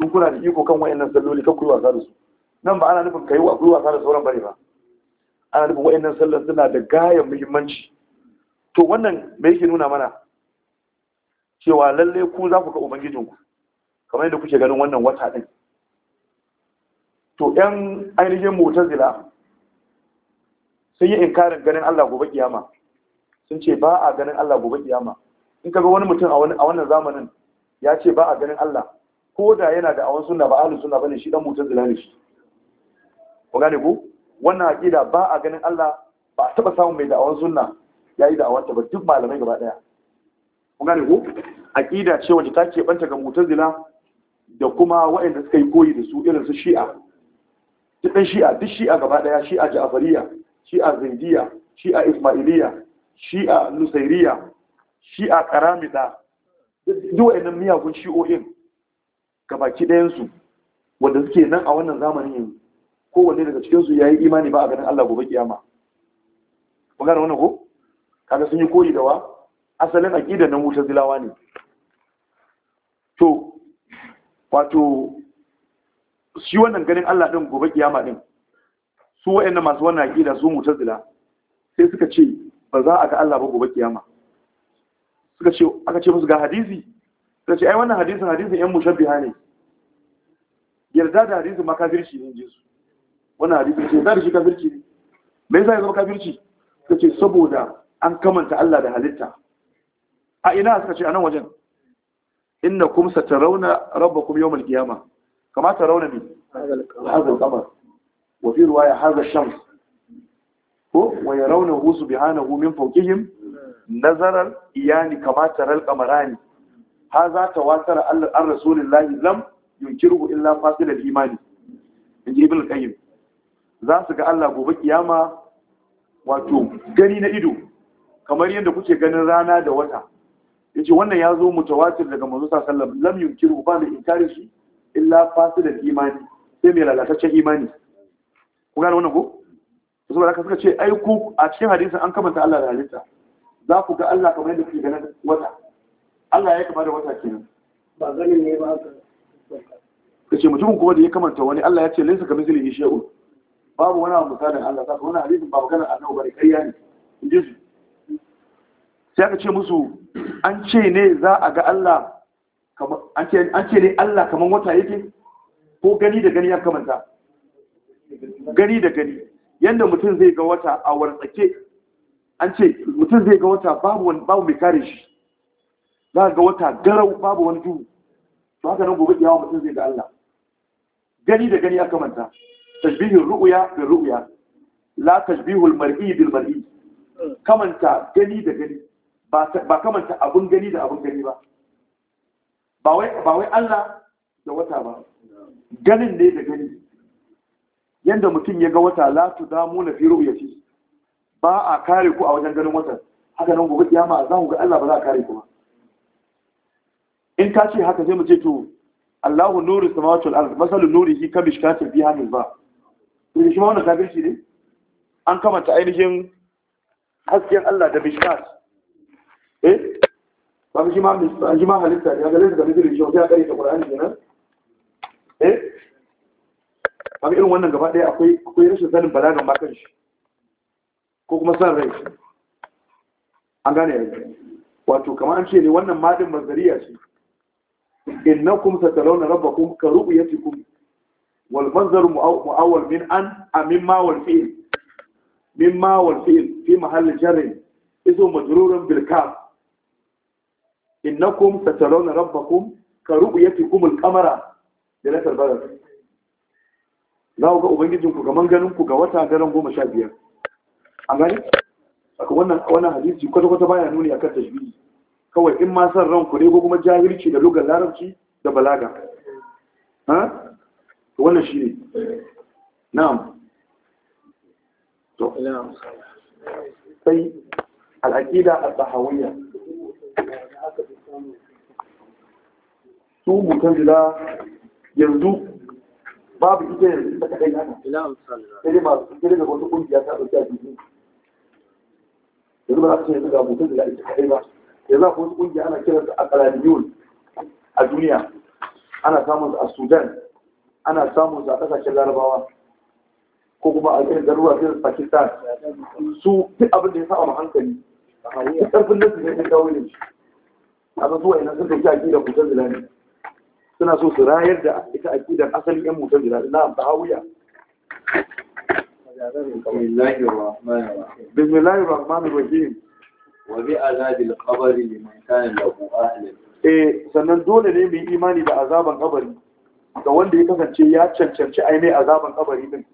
in kuna da iko kan wayannan salloli kan ku yi wasa da su nan ba ana nufin ka yi wasa da sauran bane ba ana nufin wayannan sallar suna da gayan muhimmanci to wannan me yake nuna mana cewa lalle ku za ku ga ubangijinku kamar yadda kuke ganin wannan wata din to ɗan ainihin mutazila sun yi inkarin ganin Allah gobe kiyama sun ce ba a ganin Allah gobe kiyama in ka ga wani mutum a wannan zamanin ya ce ba a ganin Allah ko da yana da awon sunna ba ahlus sunna bane shi dan mutazila ne shi ku gane ku wannan aqida ba a ganin Allah ba a taba samun mai da awon sunna yayi da awanta ba duk malamai gaba daya kun gane ko aqida ce wacce ta ke banta ga mu'tazila da kuma waɗanda suka yi koyi da su irin su shi'a duk dan shi'a duk shi'a gaba daya shi'a ja'afariya shi'a zaidiya shi'a ismailiya shi'a nusairiya shi'a karamida duk waɗannan miyagun shi'o'in gabaki ɗayansu wanda suke nan a wannan zamanin yanzu kowanne daga cikinsu ya yi imani ba a ganin Allah gobe kiyama. Kun gane wannan ko? kada sun yi koyi da wa asalin aqida na mutazilawa ne to wato shi wannan ganin Allah din gobe kiyama din su wayannan masu wannan aqida su mutazila sai suka ce ba za a ga Allah ba gobe kiyama suka ce aka ce musu ga hadisi suka ce ai wannan hadisin hadisin yan mushabbiha ne yarda da hadisin ma kafirci ne jinsu wannan hadisin ce da shi kafirci ne me yasa ya zama kafirci suka ce saboda an kamanta Allah da halitta a ina suka ce a nan wajen inna kum satarauna rabbakum yawmal qiyamah kama tarawna bi rauna ne. qamar wa fi ruwa ya ash-shams ko wa yarawnahu subhanahu min fawqihim nazarar iyani kama taral qamarani hadha tawatara an rasulillahi lam yunkiru illa fasil al-imani ji ibn al-qayyim za su ga Allah gobe kiyama wato gani na ido kamar yadda kuke ganin rana da wata yace wannan ya zo mutawatir daga manzo sallallahu alaihi wasallam lam yunkiru ba da inkari shi illa fasidal imani sai mai lalataccen imani ku gane wannan ko saboda ka suka ce ai ku a cikin hadisin an kamanta Allah da halitta za ku ga Allah kamar yadda kuke ganin wata Allah ya kama da wata kenan ba ganin ne ba ka ce mutum kuma da ya kamanta wani Allah ya ce laysa ka mislihi shay'un babu wani abu misalin Allah saka wannan hadisin babu ganin annabi bane kariya ne inji sai aka ce musu an ce ne za a ga Allah an ce ne Allah kaman wata yake ko gani da gani ya kamanta gani da gani yadda mutum zai ga wata a wartsake an ce mutum zai ga wata babu mai kare shi za ga wata garau babu wani duhu to haka nan gobe iyawa mutum zai ga Allah gani da gani ya kamanta tashbihin ru'uya da ru'uya la tashbihul mar'i bil mar'i kamanta gani da gani ba kamanta abun gani da abun gani ba ba wai Allah da wata ba ganin ne da gani yadda mutum ya ga wata la tu damu na fi ce, ba a kare ku a wajen ganin watan haka nan gobe kiyama za ku ga Allah ba za a kare ku ba in ka ce haka sai mu ce to Allahu nuru samawati wal ard masalu nurihi ka mishkatin biha min ba to shi ma wannan kafirci ne an kamanta ainihin hasken Allah da mishkat eh ba shi ma shi ma halitta ya gare su ga mijirin shi ya kare ta Qur'ani nan? eh ba irin wannan gaba ɗaya akwai akwai rashin sanin balagan ma kan ko kuma san rai an gane yanzu wato kamar an ce ne wannan madin mazariya ce innakum satarawna rabbakum ka ru'yatikum wal manzaru mu'awwal min an amimma wal fi'l mimma wal fi'l fi mahall jarrin izo majrurun bil kaf innakum satarawna rabbakum ka ru'yatikum al-qamara da lasar badar za ku ga ubangijin ku kaman ganin ku ga wata daren goma sha biyar an gani aka wannan wannan hadisi kwata kwata baya nuni akan tashbihi kawai in ma san ku ne ko kuma jahilci da lugar larabci da balaga ha to wannan shine na'am to sai al-aqida al-bahawiyya su gida yanzu babu ita yanzu ta na haka ɗaya ba su kire da wata ƙungiya ta ɗauki a jiki yanzu ba za su yanzu ga mutazila ita kaɗai ba yanzu akwai wasu ƙungiya ana kiran su akalaniyun a duniya ana samun su a sudan ana samun su a kasashen larabawa ko kuma a irin garuruwa ta pakistan su duk abin da ya sa ma hankali ƙarfin nasu ne ya kawo ne shi a zuwa suwa yana suka yi aƙidar mutan zila ne suna so su rayar da ita aƙidar asalin yan mutan zila na bahawiya bismillahir rahmanir rahim wa bi azabil qabr liman kana lahu ahlun eh sannan dole ne mu yi imani da azaban kabari ga wanda ya kasance ya cancanci ai mai azaban kabari din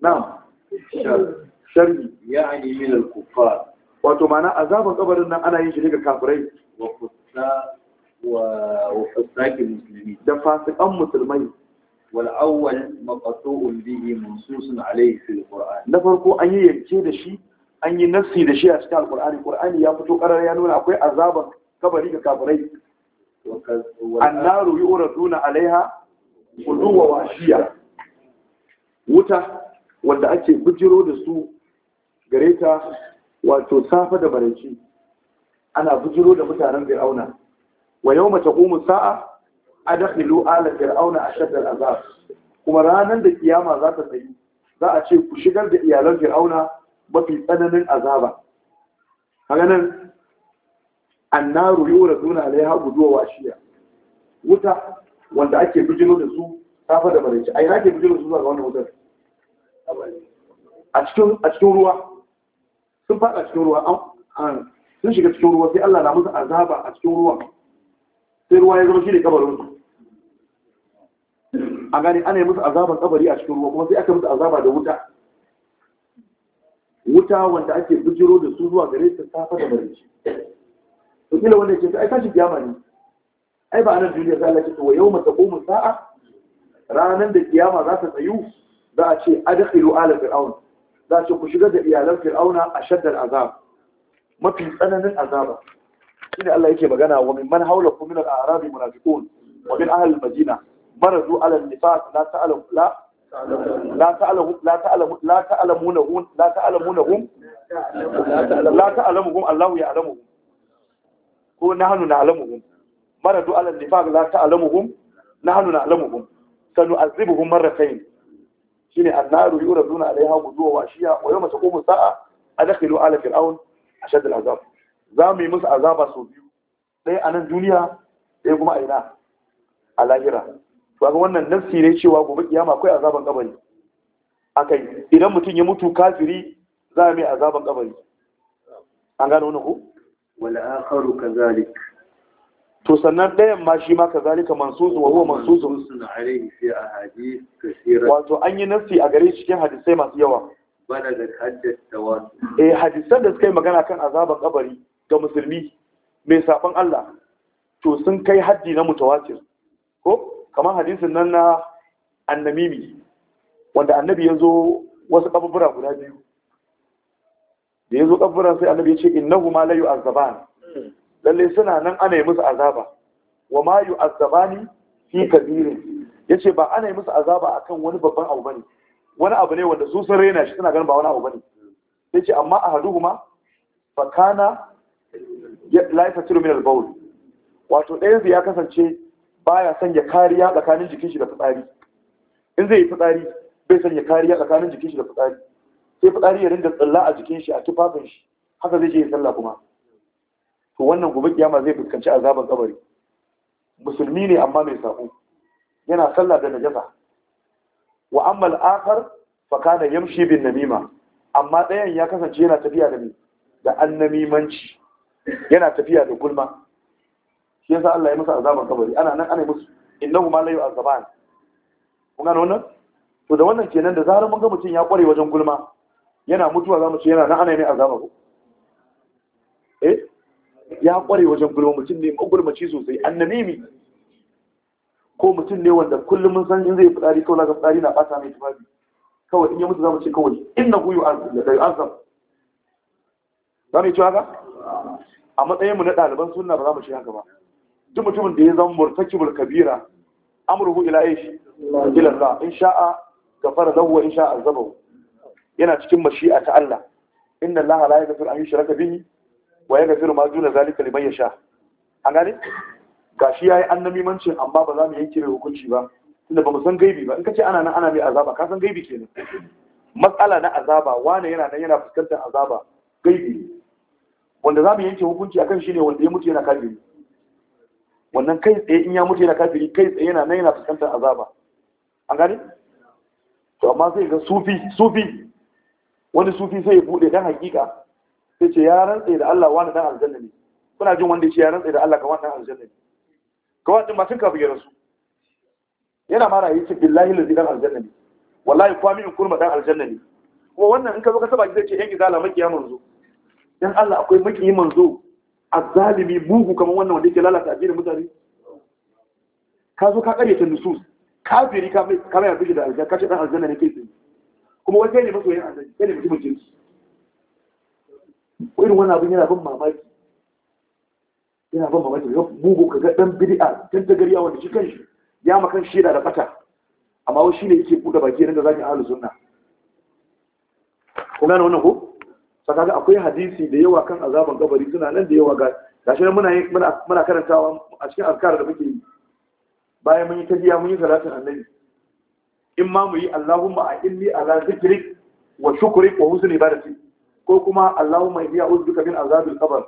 na'am sharri ya'ni min al-kuffar wato mana azaban kabarin nan ana yin shi ne ga kafirai wa wa da fasikan musulmai wal awwal maqtu'un bihi mansusun alayhi fil qur'an na farko an yi yanke da shi an yi nassi da shi a cikin alqur'ani qur'ani ya fito karar ya nuna akwai azaban kabari ga kafirai annaru yuraduna alaiha quduwa wa shiya wuta wanda ake bujiro da su gareta. wato safa da barci ana bujiro da mutanen fir'auna wa yau mace ƙumu sa'a a dakhilu ala fir'auna a shaddar azab kuma ranar da kiyama za ta tsayi za a ce ku shigar da iyalan fir'auna mafi tsananin azaba kaga nan annaru yuraduna alaiha guduwa washiya wuta wanda ake bijiro da su safa da barci ai ake bijiro da su zuwa ga wannan wutar a cikin ruwa sun faɗa cikin ruwa sun shiga cikin ruwa sai Allah na musu azaba a cikin ruwa sai ruwa ya zama shi ne kabarin su a gane ana yi musu azaban kabari a cikin ruwa kuma sai aka musu azaba da wuta wuta wanda ake bujiro da su zuwa gare su safa bari. barici to kila wanda ke ai tashi kiyama ne ai ba anan duniya sai Allah ce to yau mata qumu sa'a ranan da kiyama za ta tsayu za a ce adkhilu ala fir'aun za su ku shigar da iyalan fir'auna a shaddar azab mafi tsananin azaba shine Allah yake magana wa min man haula kum min al-a'rab munafiqun wa min ahli al-madina maradu ala an-nifaq la ta'lamu la لا تعلم لا تعلم لا تعلمونهم لا تعلمونهم لا تعلمهم الله يعلمهم ko nahnu na'lamuhum maradu ala an-nifaq la ta'lamuhum nahnu na'lamuhum sanu'adhibuhum marratayn shine annaru yuraduna alaiha guduwa wa shiya wa yawma taqumu sa'a adkhilu ala fir'aun ashad al'azab za mu yi musu azaba su. biyu ɗaya a nan duniya ɗaya kuma a ina a lahira to ga wannan nafsi ne cewa gobe kiyama akwai azaban kabari akai idan mutum ya mutu kafiri za mu yi azaban kabari an gano wani ku wala akharu kadhalik to sannan ɗayan ma shi ma kazalika mansuzu wa huwa mansuzu wato an yi nassi a gare cikin hadisai masu yawa eh hadisan da suka yi magana kan azaban kabari ga musulmi mai saban Allah to sun kai haddi na mutawatir ko kamar hadisin nan na annamimi wanda annabi ya zo wasu kabubura guda biyu da ya zo kabubura sai annabi ya ce innahu ma a yu'azzaban lalle suna nan ana yi musu azaba wa ma azabani fi kabirin yace ba ana yi musu azaba akan wani babban abu bane wani abu ne wanda su sun rena shi suna ganin ba wani abu bane yace amma a fa kana la yaftiru min al wato ɗayan ya kasance baya sanya kariya tsakanin jikin shi da fitsari in zai yi fitsari bai sanya kariya tsakanin jikin shi da fitsari sai fitsari ya rinda tsalla a jikin shi a tufafin shi haka zai je ya sallah kuma to wannan gobe kiyama zai fuskanci azaban kabari musulmi ne amma mai sako yana sallah da najasa wa amma al-akhar fa kana yamshi bin namima amma ɗayan ya kasance yana tafiya da da annamimanci yana tafiya da gulma shi yasa Allah ya masa azaban kabari ana nan ana musu innahu ma la yu'azaban kun gano wannan to da wannan kenan da zarar mun ga mutum ya kware wajen gulma yana mutuwa za mu ce yana nan ana ne azaba ko eh ya kware wajen gulma mutum ne magulmaci sosai mi?" ko mutum ne wanda kullum mun san in zai fitsari kawai laga fitsari na bata mai tufafi kawai in yi mutu zamu ce kawai inna hu yu'azzab za mu yi cewa ka? a matsayin mu na ɗaliban sunna ba za mu ce haka ba duk mutumin da ya zama murtakibul kabira amruhu ila aish ila Allah in sha'a gafara lahu wa in sha'a azabahu yana cikin mashi'a ta Allah inna Allah la yaghfiru an yushraka bihi wa ya gafiru ma duna zalika liman yasha an gane gashi yayi annamimancin amma ba za mu yanke mai hukunci ba tunda ba mu san gaibi ba in kace ana nan ana mai azaba ka san gaibi kenan matsala na azaba wane yana nan yana fuskantar azaba gaibi ne wanda za mu yanke hukunci akan shi ne wanda ya mutu yana kafiri wannan kai tsaye in ya mutu yana kafiri kai tsaye yana nan yana fuskantar azaba an gane to amma sai ga sufi sufi wani sufi sai ya bude dan hakika sai ce ya rantse da Allah wani dan aljanna ne kuna jin wanda ya rantse da Allah kamar dan aljanna ne kawai din ba tun kafin ya rasu yana mara yi ce billahi lazi dan aljanna ne wallahi kwami in kurma dan aljanna ne kuma wannan in ka zo ka saba zai ce yan izala makiya manzo dan Allah akwai makiyi manzo azzalimi bugu kamar wannan wanda yake lalata addinin mutane ka zo ka kare ta nusus kafiri ka mai ka mai da aljanna ka ce dan aljanna ne kai kuma wai kai ne yin aljanna kai ne mutumin jinsi irin wani abin yana ban mamaki yana ban mamaki ga mugu ka ga dan ta gari tagariya wanda shi shi ya makan shida da fata amma shi shine yake buɗe baki za zaki ahlus suna ko gane wannan ko saka ga akwai hadisi da yawa kan azaban kabari suna nan da yawa ga gashi muna muna karantawa a cikin azkar da muke yi bayan mun yi biya, mun yi salatin annabi in ma mu yi allahumma a inni ala zikrik wa shukrik wa husni ibadati ko kuma Allahumma biya a'udhu bika min azabil qabr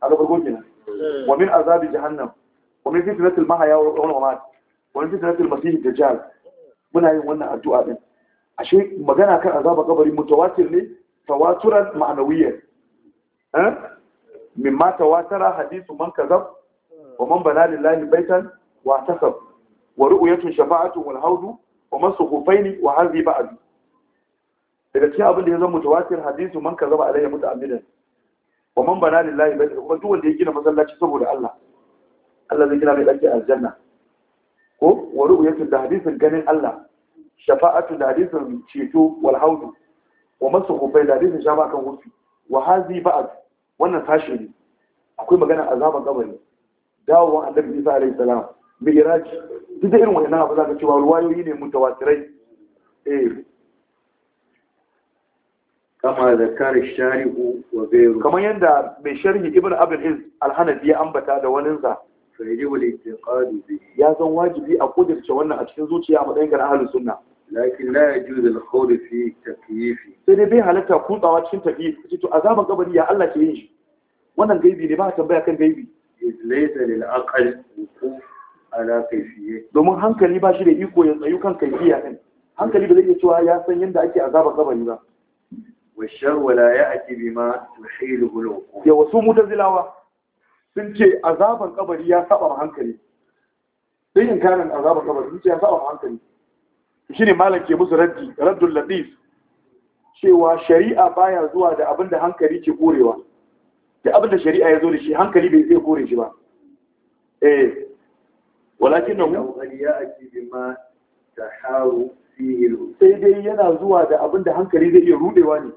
a gabar hmm. wa min azabi jahannam wa min fitnatil mahya wal mamat wa min fitnatil masih dajjal muna yin wannan addu'a din ashe magana kan azaba kabari mutawatir ne tawaturan ma'anawiyyan eh mimma tawatara hadithu man kazab wa man bana lillahi baitan wa tasab wa ru'yatu shafa'atu wal hawdu wa masuhufaini wa hadhi ba'd daga cikin abin da ya zama mutawatir hadisu man kazaba alayya muta'ammidan wa man bana lillahi bai kuma duk wanda ya gina masallaci saboda Allah Allah zai gina mai dake aljanna ko wa ru'yatu da hadisin ganin Allah shafa'atu da hadisin ceto wal haudu wa masu bai da hadisin shafa kan hufi wa hazi ba'd wannan sashi ne akwai magana azaban kabari dawowan annabi Isa alayhi salam mi'raj duk irin wannan abu zaka cewa ruwayoyi ne mutawatirai eh kama kare sharihu wa gairu kamar yadda mai sharhi ibn abul iz al-hanafi ya ambata da wani sa fa yajibu al-i'tiqad ya zan wajibi a kudirce wannan a cikin zuciya a matsayin ahli sunna lakin la yajuz al khawd fi takyifi sai dai bai halatta kutsawa cikin tafi kace to azaban kabari ya Allah ke yin shi wannan gaibi ne ba tambaya kan gaibi laysa lil aqal ala kayfiyya domin hankali ba shi da iko ya tsayu kan kayfiyya din hankali ba zai iya cewa ya san yadda ake azaban kabari ba والشر لا يأتي بما تحيله العقول يا وسو متزلاوا sun ce azaban kabari ya saba hankali Sun in kana azaban kabari sun ce ya saba hankali shine malam ke musu raddi raddul latif cewa shari'a baya zuwa da abin da hankali ke korewa da abin da shari'a ya zo da shi hankali bai zai kore shi ba eh walakin nan ya aki bima taharu fihi sai dai yana zuwa da abin da hankali zai iya rudewa ne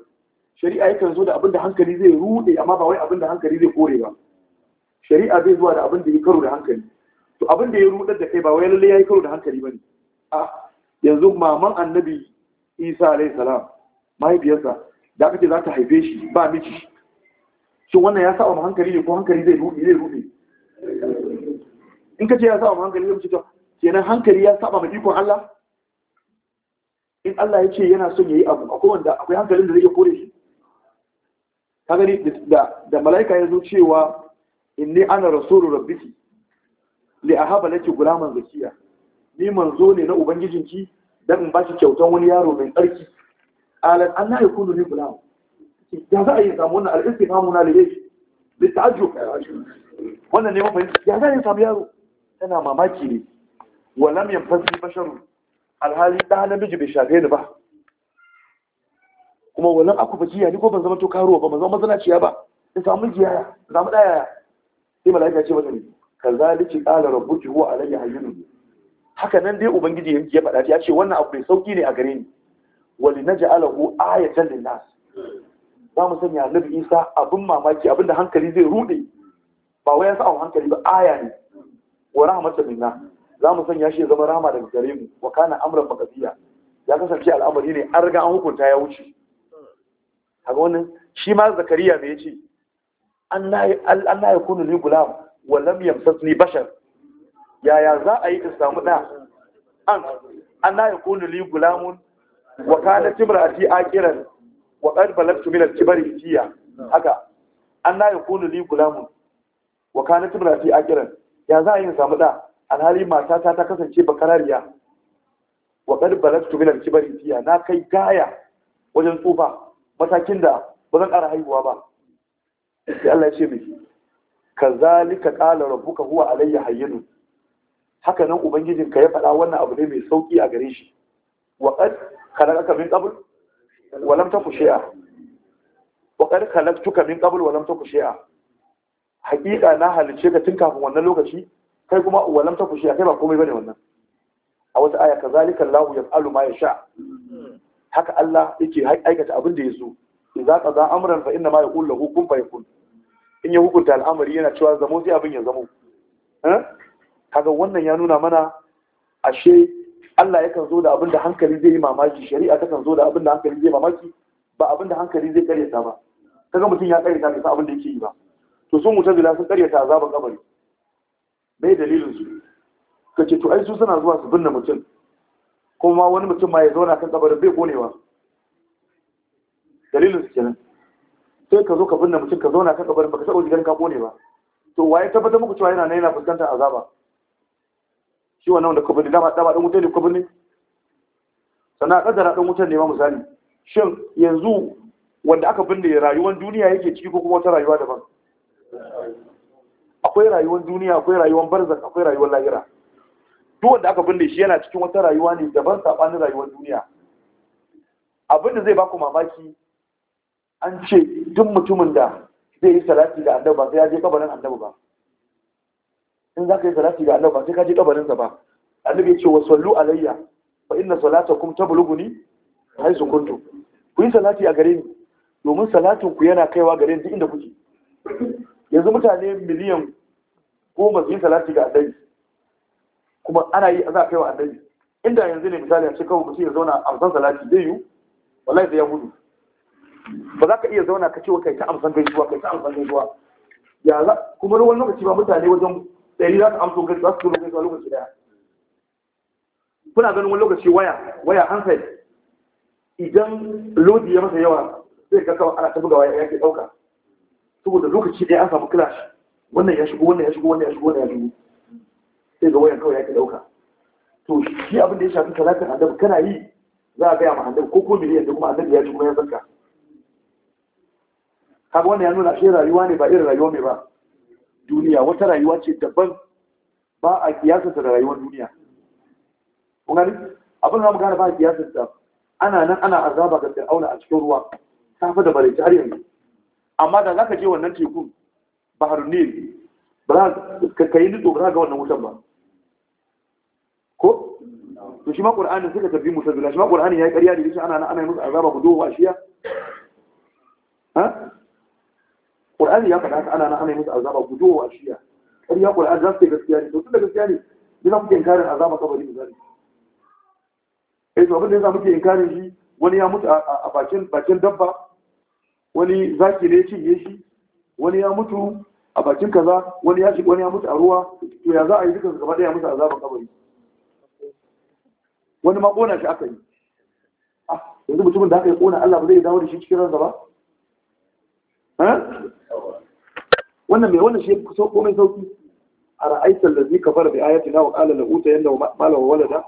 shari'a yakan zo da abin da hankali zai rude amma ba wai abin da hankali zai kore ba shari'a zai zuwa da abin da ya karo da hankali to abin da ya rudar da kai ba wai lalle yi karo da hankali bane a yanzu maman annabi Isa alayhi salam mahaifiyarsa da aka ce za ta haife shi ba miji shi wannan ya saba hankali ne ko hankali zai rude zai rude in ka ce ya saba hankali zai mutu kenan hankali ya saba ma ikon Allah in Allah ya ce yana son ya yi abu akwai wanda akwai hankalin da zai iya kore shi kagani da malaika ya zo cewa inni ana rasulu rabbiki li ahaba laki gulaman zakiya ni manzo ne na ubangijinki dan in baki kyautan wani yaro mai tsarki alan anna yakunu li gulam ya za a yi samu wannan al-istifhamu na bi litajjub wannan ne mafi ya za a yi samu yaro tana mamaki ne wa lam yanfasi basharu alhali da namiji bai shafe ni ba kuma walan aku ba jiya ni ko ban zama to karuwa ba ban zama mazanaciya ba in samu jiyaya in daya ɗaya sai mala'ika ce mata ne kazaliki qala rabbuki huwa alayhi hayyun haka nan dai ubangiji ya faɗa ya ce wannan abu mai sauki ne a gare ni wali naj'alahu ayatan linnas za mu sanya annabi Isa abin mamaki abin da hankali zai rude ba wai ya sa hankali ba aya ne wa rahmatan minna za mu sanya shi zama rama daga gare mu wa kana amran makasiya ya kasance al'amari ne an riga an hukunta ya wuce a wannan shi ma zakariya me yace Allah ya kunu li gulam wa lam yamsasni bashar yaya za a yi ka samu da an Allah ya kunu li gulamun wa kanat timrati aqiran wa qad balagtu min al-kibri tiya haka Allah ya kunu li gulamun wa kanat imraati aqiran ya za a yi ka samu da alhali matata ta kasance bakarariya wa qad balagtu min al-kibri tiya na kai gaya wajen tsufa matakin da ba zan ƙara haihuwa ba sai Allah ya ce mai kazalika qala rabbuka huwa alayya hayyun haka nan ubangijin ka ya faɗa wannan abu ne mai sauƙi a gare shi wa qad khalaqaka min qabl wa lam taku shay'a wa qad khalaqtuka min qabl wa lam taku shay'a haƙiƙa na halice ka tun kafin wannan lokaci kai kuma wa lam taku shay'a kai ba komai bane wannan a wata aya kazalika Allahu yaf'alu ma yasha haka Allah yake aikata abin da ya so ka za amran fa inna ma yaqulu lahu kun fayakun in ya hukunta al'amari yana cewa zamo sai abin ya zamo eh? kaga wannan ya nuna mana ashe Allah yakan zo da abin da hankali zai yi mamaki shari'a ta kan zo da abin da hankali zai mamaki ba abin da hankali zai karyata ba kaga mutum ya karyata bai san abin da yake yi ba to sun mutazila sun karyata azaban kabari bai dalilin su kace to ai su suna zuwa su binne mutum kuma wani mutum ma ya zauna kan kabarin bai konewa dalilin su kenan sai ka zo ka binne mutum ka zauna kan kabarin baka saba jigar ka kone ba to waye tabbatar muku cewa yana nan yana fuskantar azaba shi wannan wanda ka binne dama dama dan wutar ne ka binne sannan kaddara dan wutar ne ma misali shin yanzu wanda aka binne rayuwar duniya yake ciki ko kuma wata rayuwa daban akwai rayuwar duniya akwai rayuwar barzak akwai rayuwar lahira duk wanda aka binne shi yana cikin wata rayuwa ne daban sabanin rayuwar duniya abin da zai baku mamaki an ce duk mutumin da zai yi salati ga annabi ba sai ya je kabarin annabi ba in za ka yi salati ga annabi ba sai ka je kabarin sa ba annabi ya ce wa sallu alayya fa inna salatakum tablughuni haisu kuntu ku yi salati a gare ni domin salatin ku yana kaiwa gare ni duk inda kuke yanzu mutane miliyan goma su yi salati ga annabi kuma ana yi za a kai wa annabi inda yanzu ne misali a cikin kawai ya zauna amsan salati zai yi wallahi zai yi gudu ba za ka iya zauna ka ce wa kai ta amsan gaisuwa kai ta amsan gaisuwa ya za kuma ruwan lokaci ba mutane wajen ɗari za ka amso gaisuwa su zo gaisuwa lokaci daya kuna ganin wani lokaci waya waya an sai idan lodi ya masa yawa zai ga kawai ana ta buga waya ke ɗauka saboda lokaci ɗaya an samu clash wannan ya shigo wannan ya shigo wannan ya shigo wannan ya shigo sai ga wayan kawai ya ka ɗauka to shi abin da ya shafi talatin annabi kana yi za a gaya ma annabi ko ko miliyan da kuma annabi ya ci kuma ya zarka kaga wannan ya nuna shi rayuwa ne ba irin rayuwa mai ba duniya wata rayuwa ce daban ba a kiyasa da rayuwar duniya kun gani abin da mu gane ba a kiyasa da ana nan ana azaba ga fir'auna a cikin ruwa safa da bareci har yanzu amma da zaka je wannan tekun baharun nil ba za ka yi nitso ba za ka ga wannan wutan ba ko to shi ma qur'ani suka tafi mutazila shi ma qur'ani yayi ƙarya da shi ana ana musu azaba gudu wa shiya ha qur'ani ya faɗa ana ana ana musu azaba gudu wa shiya ƙarya qur'ani zan sai gaskiya ne to tunda gaskiya ne yana kuke inkarin azaba kabari misali eh to abin da yasa muke inkarin shi wani ya mutu a bakin bakin dabba wani zaki ne cinye shi wani ya mutu a bakin kaza wani ya shi wani ya mutu a ruwa to ya za a yi dukkan gaba ɗaya musu azaban kabari wani ma ƙona shi aka yi ah, yanzu mutumin da aka yi ƙona Allah ba zai dawo da shi cikin ransa ba eh? wannan mai wannan shi ya kusa komai sauki a ra'aitar da zika fara da ayati na wa da uta yadda malawa walada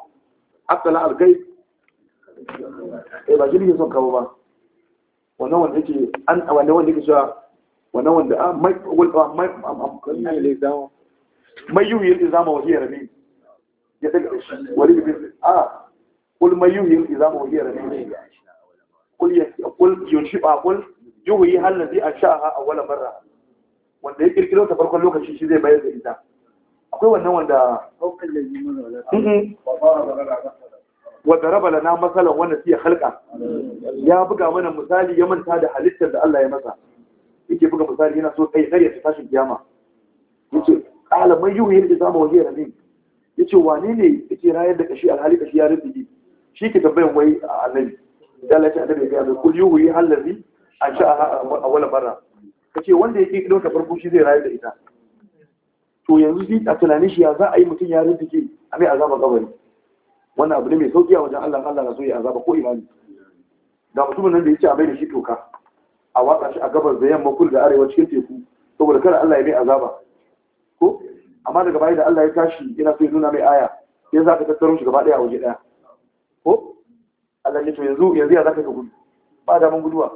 akala algai eh ba jirgin son kawo ba wannan wanda yake an wannan wanda yake cewa wannan wanda a ah, mai ah, mai mai yuhi yadda zama wahiyar ne ya daga shi. wani bibin a قل ما يهي إذا ما هي رميم قل قل قل يهي الذي أنشأها أول مرة wanda ya kirkiro ta farkon lokaci shi zai bayar da ita akwai wannan wanda wadda raba lana matsalan wanda siya halka ya buga mana misali ya manta da halittar da Allah ya masa yake buga misali yana so tsaye tsaye ta tashin kiyama yace kala mai yuhi yadda zama waje ramin yace wane ne yake rayar da kashi alhali kashi ya shi ke tambayan wai a annabi da Allah ya annabi ya gaya mai kul yuhu allazi an sha a wala barra kace wanda ya kirkiro ta farko shi zai rayu da ita to yanzu shi a tunanin shi ya za a yi mutum ya ke a mai azaba kabari wannan abu ne mai sauki a wajen Allah Allah na so ya azaba ko imani da mutumin nan da ya ce a mai da shi toka a watsa shi a gabas da yamma kul da arewa cikin teku saboda kada Allah ya mai azaba ko amma daga baya da Allah ya tashi yana so ya nuna mai aya sai za ka tattaro shi gaba daya a waje daya ko Allah ya to yanzu yanzu ya zaka ka gudu ba da mun guduwa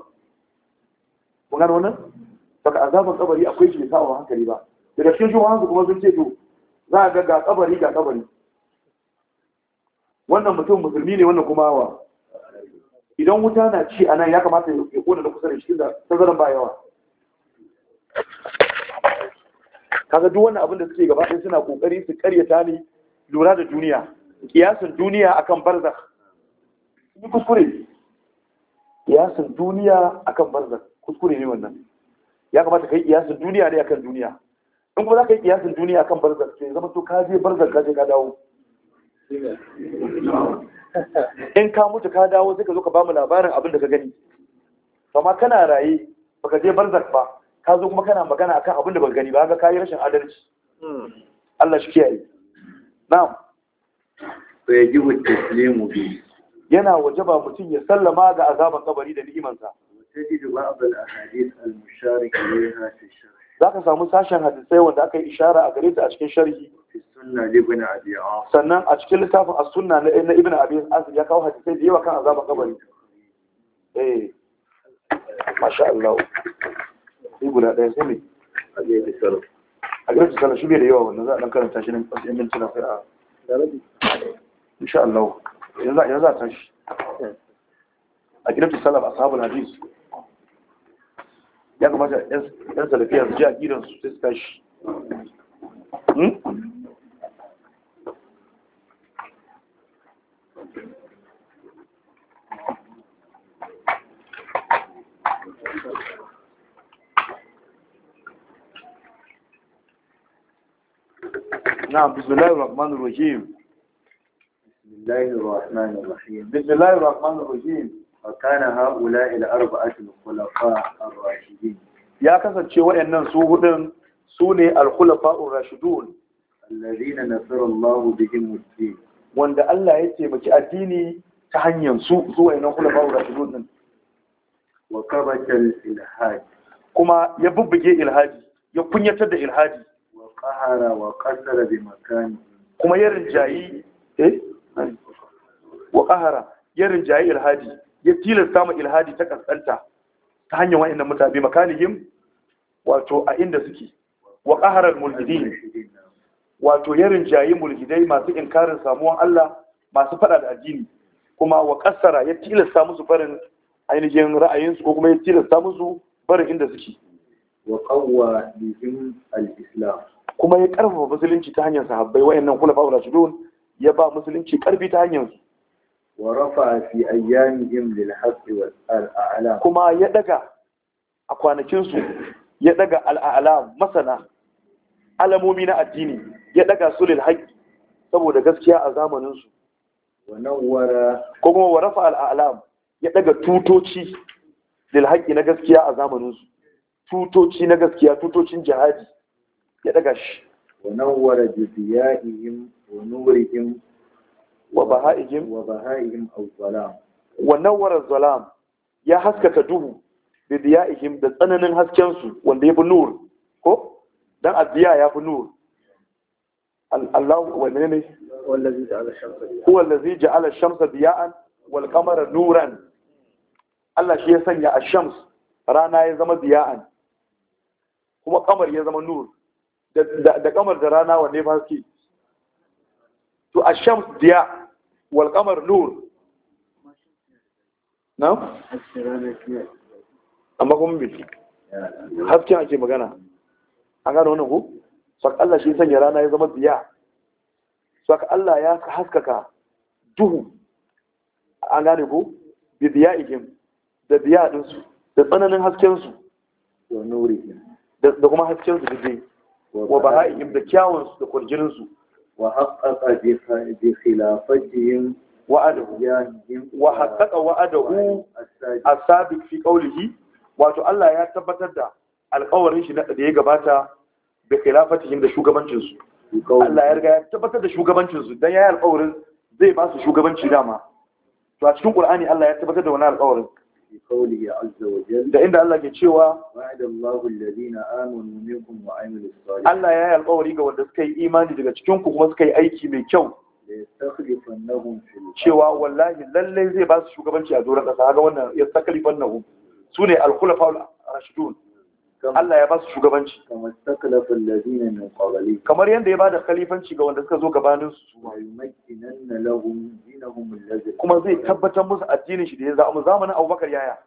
mun gano wannan saka azaban kabari akwai shi sa wa hankali ba daga cikin shi wannan kuma sun ce to za a ga ga kabari ga kabari wannan mutum musulmi ne wannan kuma wa idan wuta na ci a nan ya kamata ya kona na kusa da shi da tazaran ba yawa kaga duk wannan abin da suke gaba ɗaya suna kokari su ƙaryata ne lura da duniya kiyasin duniya akan barzakh yi kuskure kiyasin duniya akan barzan kuskure ne wannan ya kamata kai kiyasin duniya ne akan duniya in kuma za ka yi kiyasin duniya akan barzan ke zama to ka je barzan ka je ka dawo in ka mutu ka dawo sai ka zo ka bamu labarin abin da ka gani amma kana raye baka je barzak ba ka zo kuma kana magana akan abin da ba gani ba ga yi rashin adalci hmm. Allah shi kiyaye na'am fa yajibu taslimu bi yana wajaba mutum ya sallama ga azaban kabari da ni'imansa za ka samu sashen hadisai wanda aka yi ishara a gare ta a cikin sharhi sannan a cikin littafin a sunna na ibn abi asir ya kawo hadisai da yawa kan azaban kabari eh masha Allah sai guda ɗaya sai a gare ta sallah a gare ta sallah shi da yawa wannan za a karanta shi mintuna sai a insha Allah yanzu za a san shi a gidan salaf ashabul hadis ya kamata yan salafiya su ji a gidan su sai su tashi نعم بسم الله الرحمن الرحيم الله الرحمن الرحيم بسم الله الرحمن الرحيم وكان هؤلاء الأربعة الخلفاء الراشدين يا كسر شيء وإن سوهدن سوني الخلفاء الراشدون الذين نصر الله بهم الدين وند الله يتمكي الديني تهنين سوء سوء إن الخلفاء الراشدون وكبت الإلهاد كما يببجي إلهادي يكنيتد إلهادي وقهر وقصر بمكانه كما يرجعي إيه wa ƙahara ya rinjayi ilhadi ya tilasta ma ilhadi ta ƙasƙanta ta hanyar wa'annan mutane makalihim wato a inda suke wa qaharal mulhidin wato ya rinjayi mulhidai masu inkarin samuwan Allah masu fada da addini kuma wa ƙasara ya tilasta musu barin ainihin ra'ayinsu ko kuma ya tilasta musu barin inda suke wa ƙawwa bihim al-islam kuma ya ƙarfafa musulunci ta hanyar sahabbai nan khulafa fa'ula shudun ya ba musulunci karfi ta hanyar su wa rafa fi ayyamihim lil haqqi wal a'lam kuma ya daga a kwanakin su ya daga al a'lam masana alamomi na addini ya daga su lil haqqi saboda gaskiya a zamanin su wa nawwara ko kuma wa rafa al a'lam ya daga tutoci lil haqqi na gaskiya a zamanin su tutoci na gaskiya tutocin jihadi ya daga shi wa nawwara jiziya'ihim ونورهم وبهائهم وبهائهم الظلام ونور الظلام يا حسكة دوه بديائهم da tsananin haskensu wanda ya fi nur ko dan addiya ya fi nur Allah wanne ne huwa allazi ja'ala ash-shamsa diya'an wal nuran Allah shi ya sanya ash-shams rana ya zama diya'an kuma kamar ya zama nur da kamar da rana wanne ba haske to a shams diya wal kamar nur na? amma kuma bi hasken ake magana an gano wani ku? saka Allah shi sanya rana ya zama diya saka Allah ya haskaka duhu an gane ku? bi diya ikin da diya ɗinsu da tsananin haskensu da kuma haskensu da zai wa baha'ihim da kyawunsu da kwarjirinsu وحقق بخلافتهم وعده وحقق وعده السابق في قوله wato Allah ya tabbatar da alƙawarin shi da ya gabata da khilafatihim da shugabancin su Allah ya riga ya tabbatar da shugabancin su dan yayi alƙawarin zai ba su shugabanci dama to a cikin Qur'ani Allah ya tabbatar da wannan alƙawarin Da inda Allah ke cewa Allah ya yi alƙawari ga wanda suka yi imani daga cikin ku kuma suka yi aiki mai kyau cewa wallahi lallai zai ba su shugabanci a doron kasa ga wannan yastakhlifannahum sune al-khulafa ar-rashidun Allah ya ba su shugabanci kamar yadda ya ba da khalifanci ga wanda suka zo gabanin su kuma zai tabbatar musu addinin shi da ya zama zamanin abubakar yaya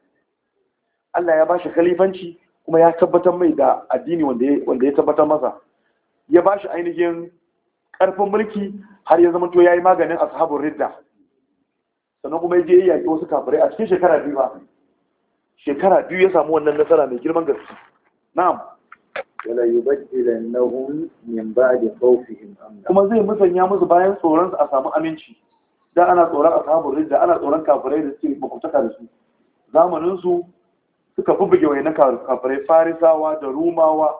Allah ya ba shi khalifanci kuma ya tabbatar mai da addini wanda ya tabbatar masa ya ba shi ainihin karfin mulki har ya zama to ya yi maganin ashabun ridda sannan kuma ya je yaƙi wasu kafirai a cikin shekara biyu ba shekara biyu ya samu wannan nasara mai girman gaske na'am wala yubaddilannahum min ba'di khawfihim amna kuma zai musanya musu bayan tsoron a samu aminci da ana tsoron ashabul ridda ana tsoron kafirai da suke bukutaka da su zamanin su suka bubbuge wayannan kafirai farisawa da rumawa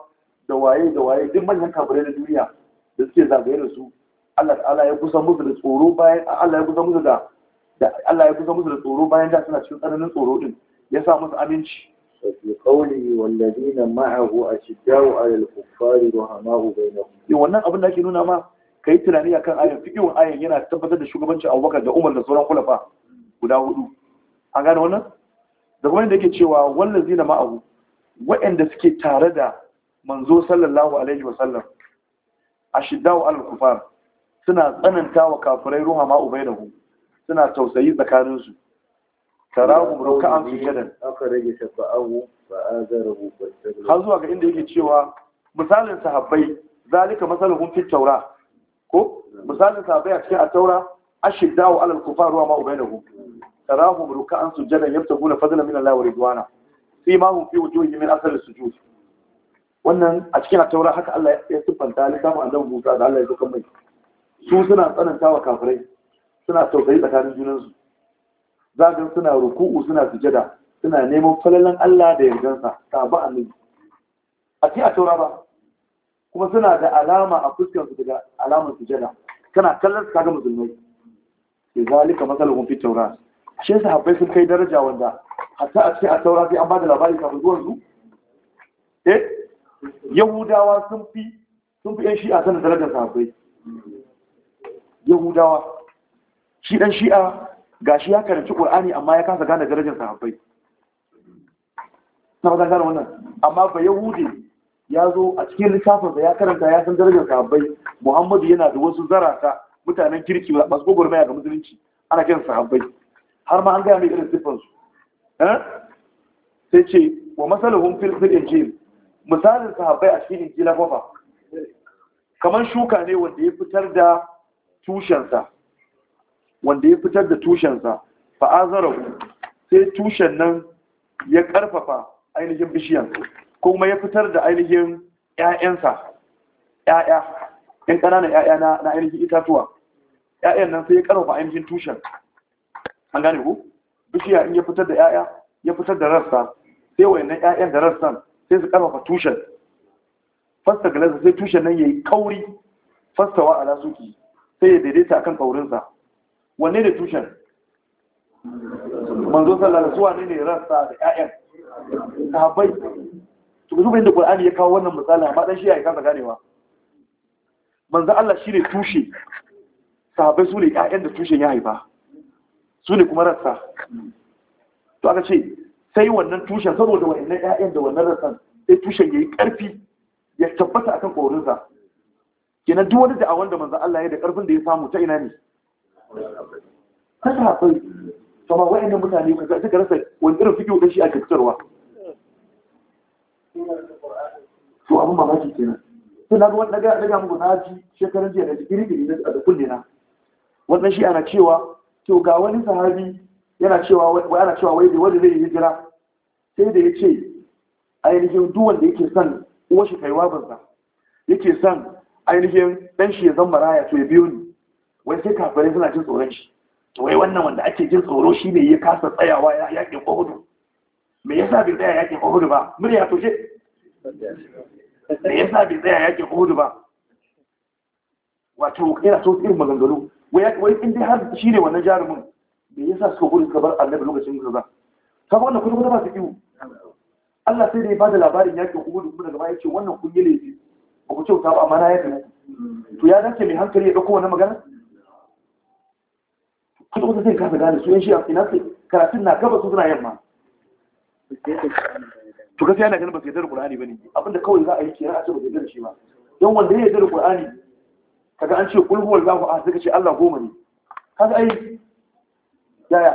da waye da waye duk manyan kafirai na duniya da suke zagaye da su Allah ta'ala ya kusa musu da tsoro bayan Allah ya kusa musu da Allah ya kusa musu da tsoro bayan da suna cikin tsananin tsoro din ya sa musu aminci ففي قوله والذين معه أشداء على الكفار رحماء بينهم wannan abin da ake nuna ma kai tunani akan ayan fiqhun ayan yana tabbatar da shugabancin Bakar da Umar da sauran khulafa guda hudu an gane wannan da kuma da yake cewa wallazina ma'ahu waɗanda suke tare da manzo sallallahu alaihi wa sallam ashiddau al kufar suna tsananta wa kafirai ruhama ubainahu suna tausayi tsakaninsu tarahum ruk'an sujadan aka rage shafa'ahu fa azarahu har zuwa ga inda yake cewa misalin sahabbai zalika masalahum fi taura ko misalin sahabbai a cikin at-taura ashiddau ala al-kufar wa ma ubainahum tarahum ruk'an sujadan yabtaguna fadlan min Allah wa ridwana fi ma hum fi wujuhihim min athar as-sujud wannan a cikin at-taura haka Allah ya siffanta littafin annabi Musa da Allah ya zo kan mai su suna tsananta wa kafirai suna tausayi tsakanin junansu zagin suna ruku'u suna sujada suna neman falalan Allah da yardansa ta ba annabi a ci a taura ba kuma suna da alama a fuskar su daga alamar sujada kana kallon su kaga musulmai ke zalika kun fi taura shi habbai sun kai daraja wanda hatta a ce a taura sai an ba da labari kafin zuwan su eh yahudawa sun fi sun fi yan shi'a sanin darajar sahabbai yahudawa shi dan shi'a gashi ya karanci ƙur'ani amma ya kasa gane darajar sahabbai na wajen gane wannan amma ba yahudi ya zo a cikin littafinsa ya karanta ya san darajar sahabbai muhammadu yana da wasu zarata mutanen kirki masu gwagwarmaya ga musulunci ana kiran sahabbai har ma an gaya mai irin siffansu eh? sai ce wa masalahun filfil injil misalin sahabbai a cikin injila kofa kamar shuka ne wanda ya fitar da tushensa wanda ya fitar da tushensa fa azarahu sai tushen nan ya karfafa ainihin bishiyan kuma ya fitar da ainihin ƴaƴansa ƴaƴa ƴan ƙananan ƴaƴa na ainihin itatuwa ƴaƴan nan sai ya karfafa ainihin tushen an gane ku bishiya in ya fitar da ƴaƴa ya fitar da rassa sai wayannan ƴaƴan da rassan sai su karfafa tushen fasta galasa sai tushen nan ya yi kauri fastawa ala suki sai ya daidaita akan kaurinsa wanne ne tushen manzo sallallahu alaihi wasallam ne rasa da ayyan sahabbai to kuma inda Qur'ani ya kawo wannan misali amma dan shi ya kasa ganewa manzo Allah shi ne tushe sahabbai su ne ayyan da tushen ya haifa su ne kuma rasta. to aka ce sai wannan tushen saboda wannan ayyan da wannan rasta sai tushen yayi ƙarfi ya tabbata akan korinsa kenan duk wani da'awan da manzo Allah ya da ƙarfin da ya samu ta ina ne ta sahabbai kama wa'annan mutane ka ga rasa wani irin fikiyo da shi a kaktarwa to abin mamaki kenan sai na ga daga daga muku na ji shekaran jiya da jikiri giri na da kulle na wannan shi ana cewa to ga wani sahabi yana cewa wai ana cewa wai wanda zai hijira sai da ya ce ainihin duk wanda yake son uwar shi kai wabansa yake son ainihin dan shi ya zama raya to ya biyo ni wai sai kafare suna jin tsoron shi to wai wannan wanda ake jin tsoro shi ne ya kasa tsayawa ya yaƙin ƙwahudu me yasa bai tsaya yaƙin ƙwahudu ba murya toshe me yasa bai tsaya yaƙin ƙwahudu ba wato yana so irin maganganu wai wai in dai har shi ne wannan jarumin me yasa suka gudu suka bar annabi lokacin kaza kaga wannan kuma ba su kiwo Allah sai da ya da labarin yaƙin ƙwahudu kuma daga baya ce wannan kun yi laifi ba ku kyauta ba amma na yaƙin to ya dace mai hankali ya ɗauko wannan magana kuma wata sai kasa gane su yan shi'a ina karatun na gaba su suna yamma to gaskiya na ganin ba su yarda da ba ne abinda kawai za a yi kira a ce ba su da shi ba don wanda ya yarda da ka kaga an ce kul za ku a sai ce allah goma ne Ka ga ai yaya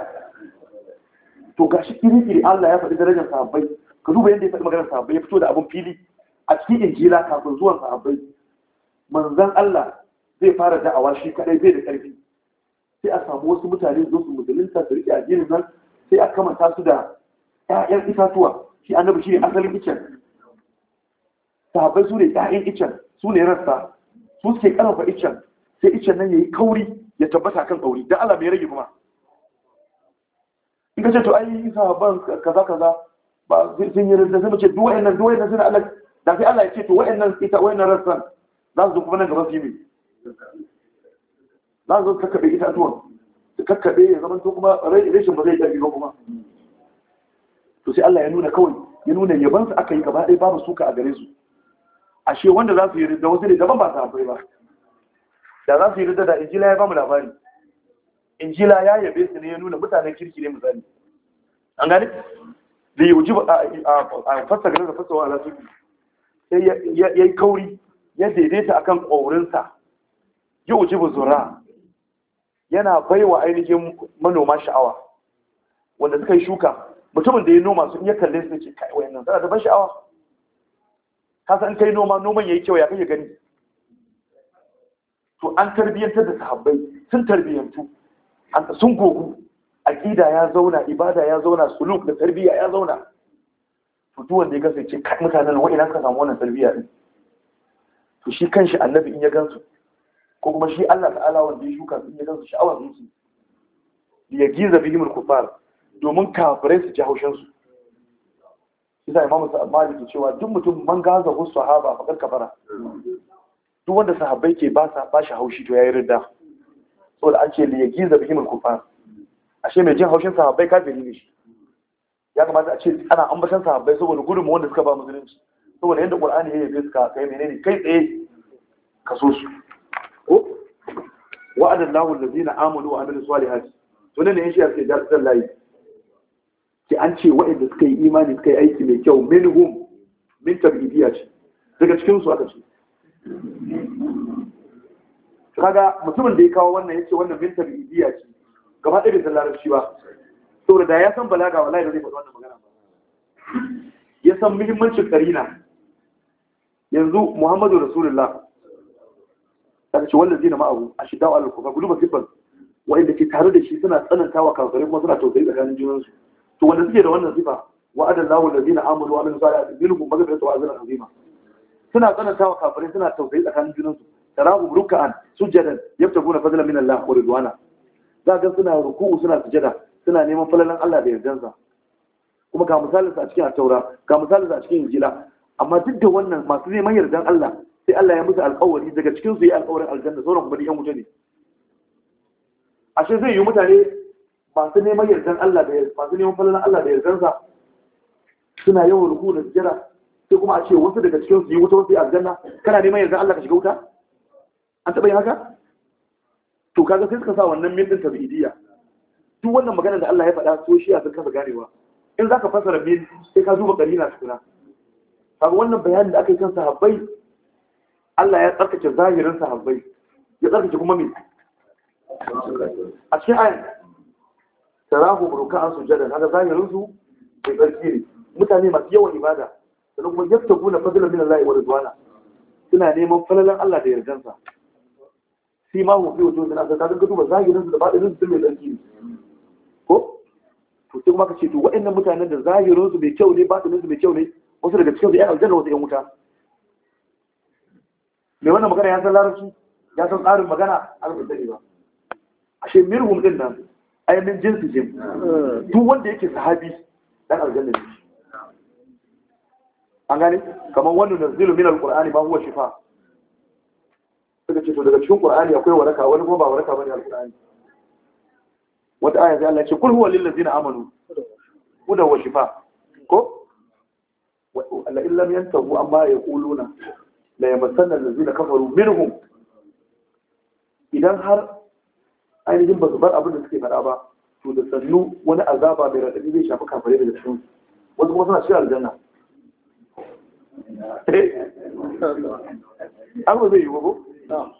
to gashi kiri-kiri allah ya faɗi darajar sahabbai ka duba yadda ya faɗi maganar sahabbai ya fito da abin fili a cikin injila kafin zuwan sahabbai manzon allah zai fara da'awa shi kadai zai da ƙarfi sai a samu wasu mutane zo su musulunta su rike addinin nan sai a kamanta su da ƴaƴan itatuwa shi annabi shi ne asalin icen sahabbai su ne ƴaƴan icen su ne rassa su suke karfafa icen sai icen nan yayi kauri ya tabbata kan kauri dan Allah bai rage kuma in ka ce to ai sahabban kaza kaza ba sun yi rinda sai mace duk wa'annan duk wa'annan suna Allah da sai Allah ya ce to wa'annan ita wa'annan rassan za su zo kuma nan gaba su yi za su kakkaɓe itatuwan su kakkaɓe ya zama to kuma rashin ba zai ƙarfi ba kuma to sai Allah ya nuna kawai ya nuna yabansu aka yi gaba ɗaya babu suka a gare su ashe wanda za su yi ridda wasu ne daban ba su sahabbai ba da za su yi da injila ya ba mu labari injila ya yabe su ne ya nuna mutanen kirki ne misali an gane da yauji a fasa gare da fasa wa ala sufi sai ya yi kauri ya daidaita akan ƙaurinsa yauji ba zura yana baiwa ainihin manoma sha'awa wanda suka yi shuka mutumin da ya noma sun ya kalle su ce kai wayannan tana da ban sha'awa ka san kai noma noman yayi kyau ya kai gani to an tarbiyyantar da sahabbai sun tarbiyyantu sun gogu aqida ya zauna ibada ya zauna suluk da tarbiyya ya zauna to duk wanda ya ce, kai mutanen wa'ina suka samu wannan tarbiyya din to shi kanshi annabi in ya gansu ko kuma shi Allah ta'ala wanda ya shuka su ya gansu sha'awar su ya giza bihim al-kuffar domin kafirai su ji haushin su isa imam Malik ke cewa duk mutum man gaza hu sahaba fa kar kafara duk wanda sahabbai ke ba sa ba shi haushi to yayi ridda saboda an ce li ya giza bihim al-kuffar ashe mai jin haushin sahabbai kafiri ne shi ya kamata a ce ana ambatan sahabbai saboda gudunmu wanda suka ba musulunci saboda yadda qur'ani ya yabe suka kai menene kai tsaye ka so su ko wa'adan lahu allazina amanu wa amilus salihati to nan ne shi ake jartar layi ki an ce wa'anda suka yi imani suka yi aiki mai kyau minhum min tabidiyya ce daga cikin su aka ce kaga mutumin da ya kawo wannan ya ce wannan min tabidiyya ce gaba ɗaya bai san larabci ba saboda da ya san balaga wallahi da zai faɗi wannan magana ba ya san muhimmancin karina yanzu muhammadu rasulullah saka ce wallazi na ma'abu a shidda wa alkufa gudu masifan wa'inda ke tare da shi suna tsananta wa kafirai kuma suna tausayi tsakanin junansu to wanda suke da wannan sifa wa'ada Allahu allazina amalu wa amilu salihati minhum maghfiratu wa ajrun azima suna tsananta wa kafirai suna tausayi tsakanin junansu tarahu ruk'an sujadan yabtaguna fadlan min Allah wa ridwana za ga suna ruku'u suna sujada suna neman falalan Allah da yardansa kuma ga misalin a cikin at-taura ga misalin a cikin injila amma duk da wannan masu neman yardan Allah sai Allah ya musu alƙawari daga cikin su yi alƙawarin aljanna sauran kuma yan wuta ne ashe zai yi mutane masu neman yardan Allah da masu neman falalan Allah da yardansa suna yawan ruku da sujjara sai kuma a ce wasu daga cikin su yi wuta wasu yi aljanna kana neman yardan Allah ka shiga wuta an taɓa yi haka to kaga sai suka sa wannan mil din tabi'idiyya duk wannan magana da Allah ya faɗa so shi a sun kasa ganewa in zaka fasara mil sai ka duba kalila tukuna kaga wannan bayanin da aka yi kan sahabbai Allah ya tsarkake zahirin sahabbai ya tsarkake kuma me a cikin ayin tarahu an sujada kaga zahirin su bai tsarki ne mutane masu yawan ibada sannan kuma kuna fadlan min Allah wa ridwana suna neman falalan Allah da yardansa sai ma mu biyo jozin asa kaga ka duba zahirin su da fadilin su mai tsarki ne ko to sai kuma ka ce to waɗannan mutanen da zahirin su mai kyau ne ba su mai kyau ne wasu daga cikin su ya aljanna wasu ƴan wuta mai wannan magana ya san larabci ya san tsarin magana alƙul sani ba ashe mirhum din nan ai min jinsi jin duk wanda yake sahabi dan aljanna ne an gane kamar wannan nazilu min alqur'ani ba huwa shifa suka ce to daga cikin qur'ani akwai waraka wani kuma ba waraka bane alqur'ani wata aya sai Allah ya ce kul huwa lil ladzina amanu huda wa shifa ko la illam yantahu amma yaquluna la yamassanna allazina kafaru minhum idan har ainihin ba su bar abin da suke faɗa ba to da sannu wani azaba mai raɗaɗi zai shafi kafare daga cikin wasu kuma suna cikin aljanna eh? an ba zai yi na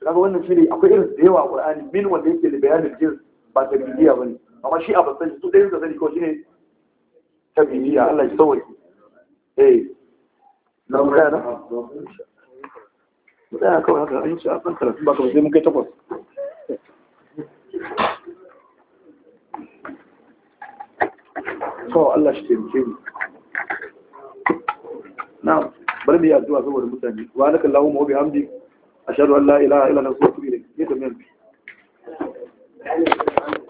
kaga wannan shi ne akwai irin da yawa a min wanda yake da bayanin jin ba ta bibiya ba ne amma shi a basan su ɗaya da sani ko shi ne ta bibiya Allah ya sauwaki eh لو كان لا كون هذا إن شاء الله ثلاث باكر زي ممكن تقول to Allah shi taimake mu na bari yi addu'a saboda mutane wa alaka Allahu mu bihamdi ashhadu an la ilaha illa anta astaghfiruka wa atubu